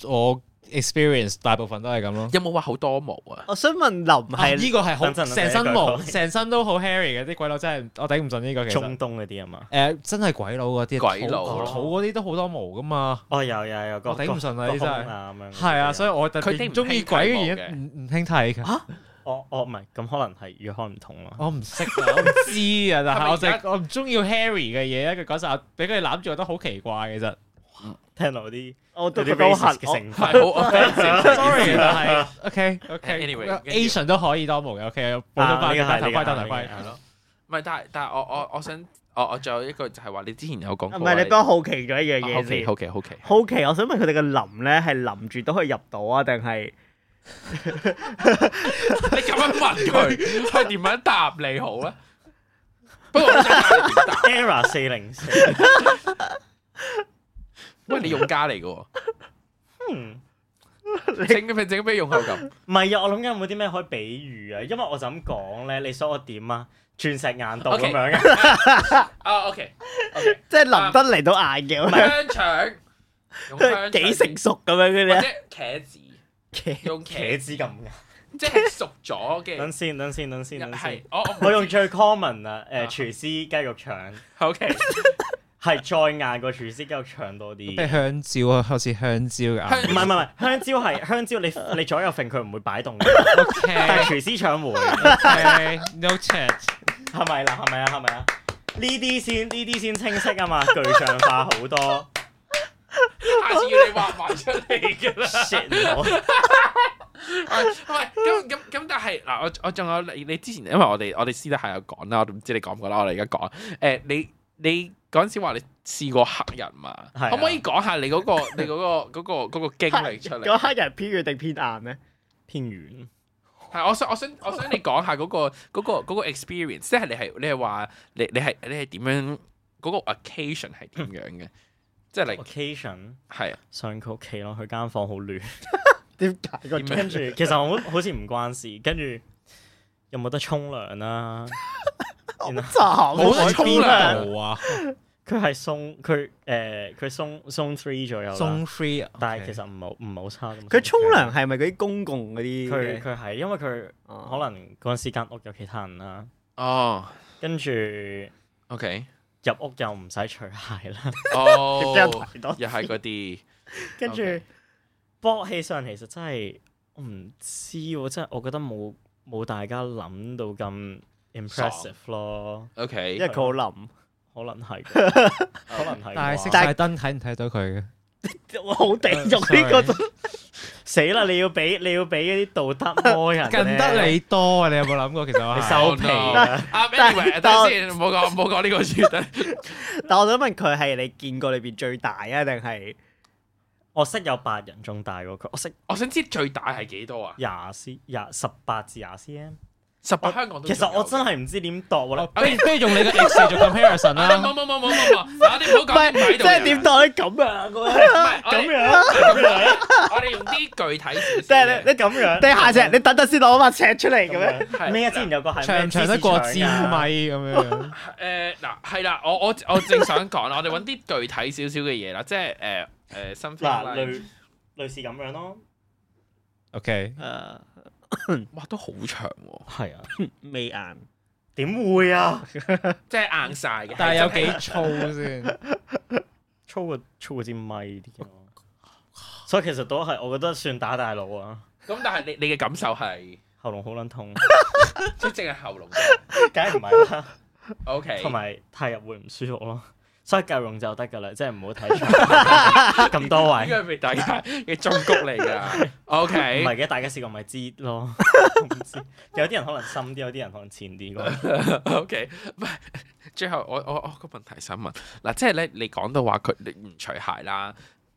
我 experience 大部分都係咁咯。有冇話好多毛啊？我想問林係呢個係好成身毛，成身都好 hairy 嘅啲鬼佬真係我頂唔順呢個其實。中東嗰啲啊嘛，誒真係鬼佬嗰啲，鬼佬土嗰啲都好多毛㗎嘛。哦有有有，我頂唔順啊，呢真係。係啊，所以我佢中意鬼嘅原因，唔興睇佢。我我唔係咁可能係要看唔同咯，我唔識啊，我唔知啊，但係我我唔中意 Harry 嘅嘢啊，佢嗰首俾佢攬住，覺得好奇怪，其實聽到啲我好客嘅成分，sorry，係 OK OK，Anyway，Asian 都可以當毛嘅 OK，戴頭盔戴頭盔係咯，唔係但係但係我我我想我我仲有一個就係話你之前有講，唔係你當好奇咗一樣嘢好奇好奇好奇，好奇我想問佢哋嘅林咧係淋住都可以入到啊，定係？你咁樣問佢，佢點樣答你好咧？不過，error 四零四。喂，你用家嚟嘅，嗯，整嘅片整咩？用後感。唔係啊，我諗緊有冇啲咩可以比喻啊？因為我就咁講咧，你想我點啊？鑽石硬度咁樣啊？OK，OK，即係淋登嚟到硬嘅，香腸幾成熟咁樣嘅啫，茄子。用茄，茄子咁嘅，即係熟咗嘅。等先，等先， 等先，等先。我我，我用最 common 啊，誒、呃，廚師雞肉腸。OK，係 再硬個廚師雞肉腸多啲。咩香蕉啊？好似香蕉咁。唔係唔係唔係，香蕉係香蕉你。你你左右揈佢唔會擺動。 OK，係廚師腸回。OK，no change 係咪啦？係咪啊？係咪啊？呢啲先呢啲先清晰啊嘛，具象化好多。 下次要你畫埋出嚟噶啦，成我喂咁咁咁，但係嗱，我我仲有你你之前，因為我哋我哋私底下有講啦，我都唔知你講唔講啦，我哋而家講誒，你你嗰陣時話你試過黑人嘛？係，可唔可以講下你嗰個你嗰個嗰個嗰個經歷出嚟？嗰黑人偏遠定偏硬咧？偏遠係，我想我想我想你講下嗰個嗰個嗰個 experience，即係你係你係話你你係你係點樣嗰個 occasion 係點樣嘅？即係嚟 occasion 係啊，上佢屋企咯，佢間房好亂，點解 麼？跟住其實我好好似唔關事，跟住有冇得沖涼啦？冇，我真係好想沖涼啊！佢係送佢誒，佢、呃、送送 three 左右啦，送 three， 但係其實唔好唔好差。佢沖涼係咪嗰啲公共嗰啲？佢佢係因為佢可能嗰陣時間屋有其他人啦、啊。哦，跟住著，ok。入屋又唔使除鞋啦，oh，又係嗰啲。跟住波戲上其實真係我唔知喎，真係我覺得冇冇大家諗到咁 impressive 咯。因為佢好冧，okay。可能係，可能係。但係熄晒燈睇唔睇到佢嘅？我 好頂用呢個都死啦！你要俾你要俾啲道德魔人 近得你多啊！你有冇諗過其實我收皮啊？阿係但係先唔好講唔好講呢個絕 但我想問佢係你見過裏邊最大啊，定係我識有八人仲大過佢？我識我想知最大係幾多啊？廿 C 廿十八至廿 cm。十八香港都，其實我真係唔知點度咧。哦、 不如用你嘅 X 做咁 comparison 啦。唔唔唔唔唔度。即係點度你咁啊？咁樣，我哋用啲具體即係你你咁樣，地下尺，你等等先攞嘛，尺出嚟嘅咩？咩東西 recibir 之前有個係長唔長，長得過千米咁樣、 啊？誒嗱，係啦，我我我正想講啦，我哋揾啲具體少少嘅嘢啦，即係誒誒，類似類似咁樣咯。OK 啊、uh,。哇，都好長喎。哦，係啊，未硬，點會啊？ 即硬晒嘅， 但係有幾、啊、 粗先，粗過粗過支咪啲嘅， 所以其實都係，我覺得算打大腦啊。咁但係你你嘅感受係喉嚨好撚痛， 即係淨係喉嚨，梗係唔係啦。O K，同埋太入會唔舒服咯。所以夠用就得噶啦，即係唔好睇咁多位。呢個係大家嘅忠告嚟噶。 OK，唔係嘅，大家試過咪知咯。知有啲人可能深啲，有啲人可能淺啲。 OK，唔係。最後我我我個問題想問嗱，即係咧你講到話佢你唔除鞋啦，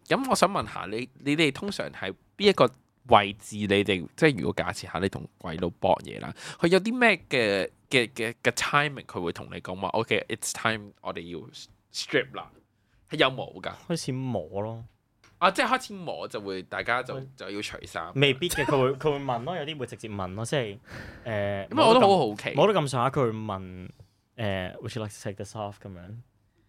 咁我想問下你你哋通常係邊一個位置？你哋即係如果假設下你同鬼佬搏嘢啦，佢有啲咩嘅嘅嘅嘅 timing？佢會同你講話 OK，it's、okay, time 我哋要。strip 啦，St ler, 有摸㗎，開始摸咯，啊，即係開始摸就會大家就會就要除衫，未必嘅，佢會佢會問咯，有啲會直接問咯，即係誒，因、呃、麼我都好好奇，摸得咁上下，佢會問誒、呃、，Would you like to take this off 咁樣、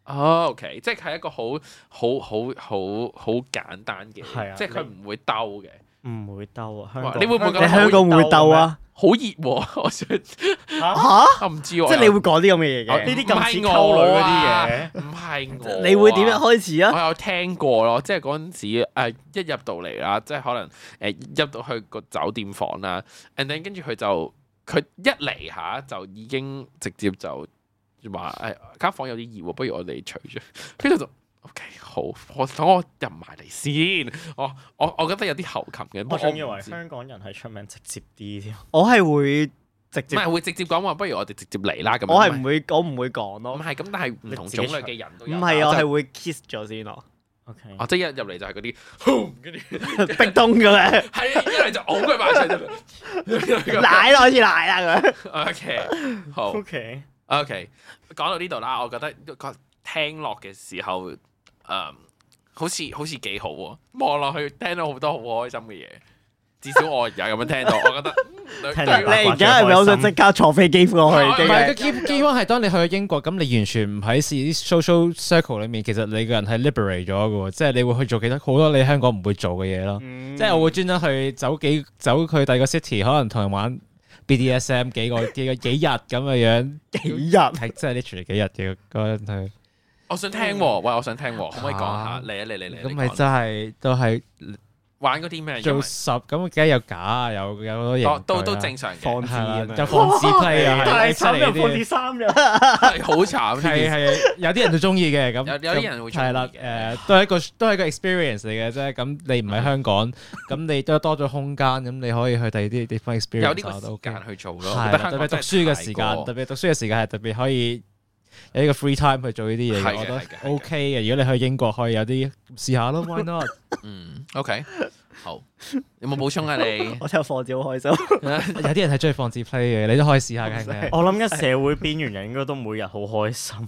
哦，哦，OK，即係係一個好好好好好簡單嘅，啊、即係佢唔會兜嘅。唔會鬥啊，香港你，會唔會你香港會鬥啊？鬥啊好熱喎、啊，我想吓？啊、 我唔知喎，啊、有即係你會講啲咁嘅嘢嘅，呢啲咁似溝女啲嘢，唔係我，我啊我啊、 你會點樣開始啊？我有聽過咯，即係嗰陣時、呃、一入到嚟啦，即係可能誒入、呃、到去個酒店房啦，and then 跟住佢就佢一嚟下，就已經直接就話誒、哎、間房有啲熱喎，不如我哋除咗跟住就。 O K，好，我咁我入埋嚟先，我我我覺得有啲喉琴嘅，我以為香港人係出名直接啲添，我係會直接，唔係會直接講話，不如我哋直接嚟啦咁，我係唔會，我唔會講咯，唔係咁，但係唔同種類嘅人都唔係，我係會 kiss 咗先咯，O K，啊，即係一入嚟就係嗰啲 boom 嗰啲，壁咚咁樣，係一嚟就㧬佢埋上咁樣，奶可以奶啦，O K，好，O K，O K，講到呢度啦，我覺得個聽落嘅時候。誒、um，好似好似幾好喎，望落去聽到好多好開心嘅嘢，至少我而家咁樣聽到，我覺得。 嗯、你而家係咪好想即刻坐飛機過去？唔係，個機機溫係當你去咗英國，咁你完全唔喺啲 social circle 裏面，其實你個人係 liberate 咗嘅，即、就、係、是、你會去做其他好多你香港唔會做嘅嘢咯。嗯、即係我會專登去走幾走佢第二個 city，可能同人玩 BDSM 幾個幾個 幾日咁嘅樣樣， 即幾日係 literally 幾日嘅嗰陣去。 我想聽，喂，我想聽，可唔可以講下？嚟啊嚟嚟嚟！咁咪真係都係玩嗰啲咩？做十咁，梗係有假啊？有有好多嘢。都都正常嘅，放紙啊，放紙梯啊，太犀利啲。又放紙衫，又好慘。係係，有啲人都中意嘅，咁有啲人會中意。係啦，誒，都係一個都係個 experience 嚟嘅啫。咁你唔喺香港，咁你都多咗空間，咁你可以去第二啲地方 experience，有啲時間去做咯。特別讀書嘅時間，特別讀書嘅時間係特別可以。有呢個 free time 去做呢啲嘢，我覺得 OK 嘅。如果你去英國，可以有啲試下咯，Why not? 嗯，OK，好。有冇補充啊？你我睇放字好開心，有啲人係中意放字 play 嘅，你都可以試下嘅。我諗，而社會邊緣人應該都每日好開心。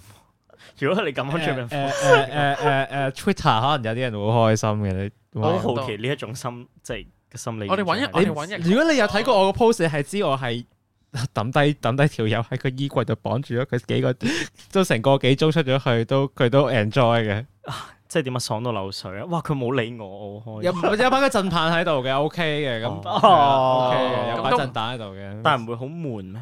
如果你咁樣做，誒誒誒 Twitter 可能有啲人會好開心嘅。我好好奇呢一種心，即係心理。我哋搵一，我哋搵一。如果你有睇過我個 post，你係知我係。抌低抌低條友喺個衣櫃度綁住咗佢幾個，都成個幾鐘出咗去，都佢都 enjoy 嘅，即係點啊爽到流水呀，哇！佢冇理我，我開有有把個震棒喺度嘅，ok 嘅咁，ok 嘅有把震彈喺度嘅，但係唔會好悶咩？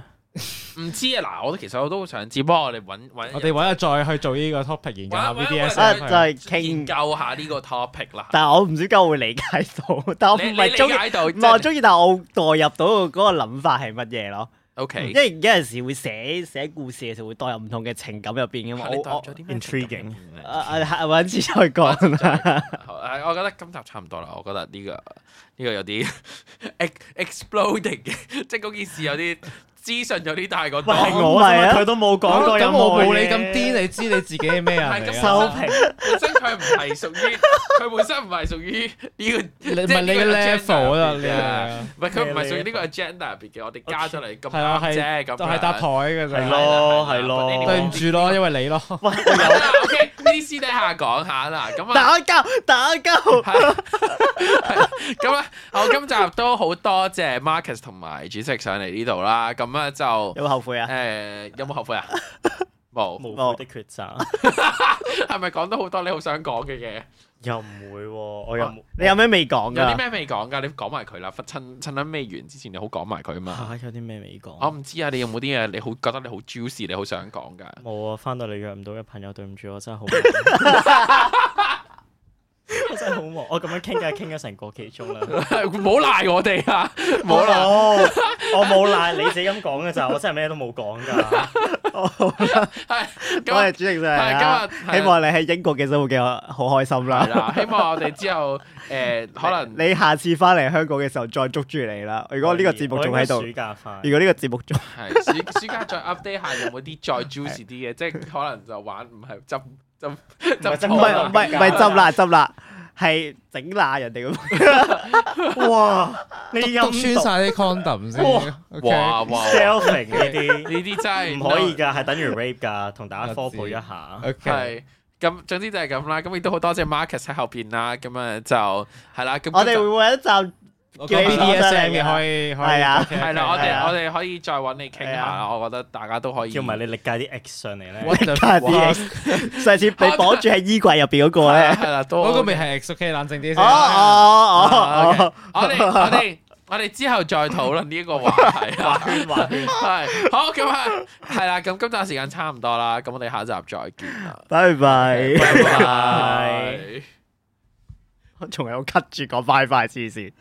唔知啊，嗱，我其實我都想，只不過我哋搵搵，我哋搵再去做呢個 topic 研究下 BDSM 即係研究下呢個 topic 啦。但係我唔知夠會理解到，但我唔係中意，唔係我中意，但係我代入到嗰個諗法係乜嘢咯？O Okay . K，因為有陣時會寫寫故事嘅時候會代入唔同嘅情感入邊嘅嘛，好 intriguing。啊啊，下、啊、次再講啦吧。我覺得今集差唔多啦，我覺得呢、呢個呢、呢個有啲 explode 嘅，即係嗰件事有啲。嗯資訊有啲大過，唔係我係啊，佢都冇講過有咁我冇你咁癲，你知你自己係咩啊？收皮，本身佢唔係屬於，佢本身唔係屬於呢個，唔係你嘅 level 啊，你啊，唔係佢唔係屬於呢個 agenda 入邊嘅，我哋加咗嚟咁啊係咁，就係搭台嘅啫，係咯，係咯，對唔住咯，因為你咯。呢啲私底下講下啦，咁啊打鳩打鳩，係囉，係囉，咁咧我今集都好多謝 Marcus 同埋主席上嚟呢度啦，咁咧就有冇後悔啊？誒有冇後悔啊？無悔的抉擇，係咪講到好多你好想講嘅嘢？又唔會、啊，我又、啊、你有咩未講噶？有啲咩未講噶？你講埋佢啦，趁趁喺未完之前，你好講埋佢啊嘛。啊有啲咩未講？我唔知啊，你有冇啲嘢你好覺得你好 juicy，你好想講噶？冇啊，翻到嚟約唔到嘅朋友，對唔住我真係好。 我 真係好忙，我咁樣傾偈傾咗成個幾鐘啦，唔好賴我哋啊，冇，我冇賴，你自己咁講嘅就，我真係咩都冇講噶。係，我哋，主席啊，今 希望你喺英國嘅生活嘅好開心啦。 希望我哋之後誒、呃，可能你下次翻嚟香港嘅時候再捉住你啦。如果呢個節目仲喺度，如果呢個節目仲係暑暑假再 update 下有冇啲再 juicy 啲嘅， 是的 即係可能就玩唔係執。就就唔係唔係唔係執啦執啦，係整爛人哋咁。哇！你又穿晒啲 condom 先哇哇！呢啲呢啲真係唔可以噶，係 等於 rape 噶。同大家科普一下。係咁 Okay.，總之就係咁啦。咁亦都好多謝 Marcus 喺後邊啦。咁啊就係啦。咁我哋會為一集？我驚啲嘢聲嘅，可以係啊，係啦，我哋我哋可以再揾你傾下，我覺得大家都可以。叫埋你力加啲 X 上嚟咧，力加啲嘢。上次被綁住喺衣櫃入邊嗰個咧，嗰個咪係 X OK，冷靜啲先。我哋我哋我哋之後再討論呢一個話題。係好咁係係啦，咁今集時間差唔多啦，咁我哋下一集再見拜拜，拜拜。我仲有 cut 住個拜拜，wifi 黐線。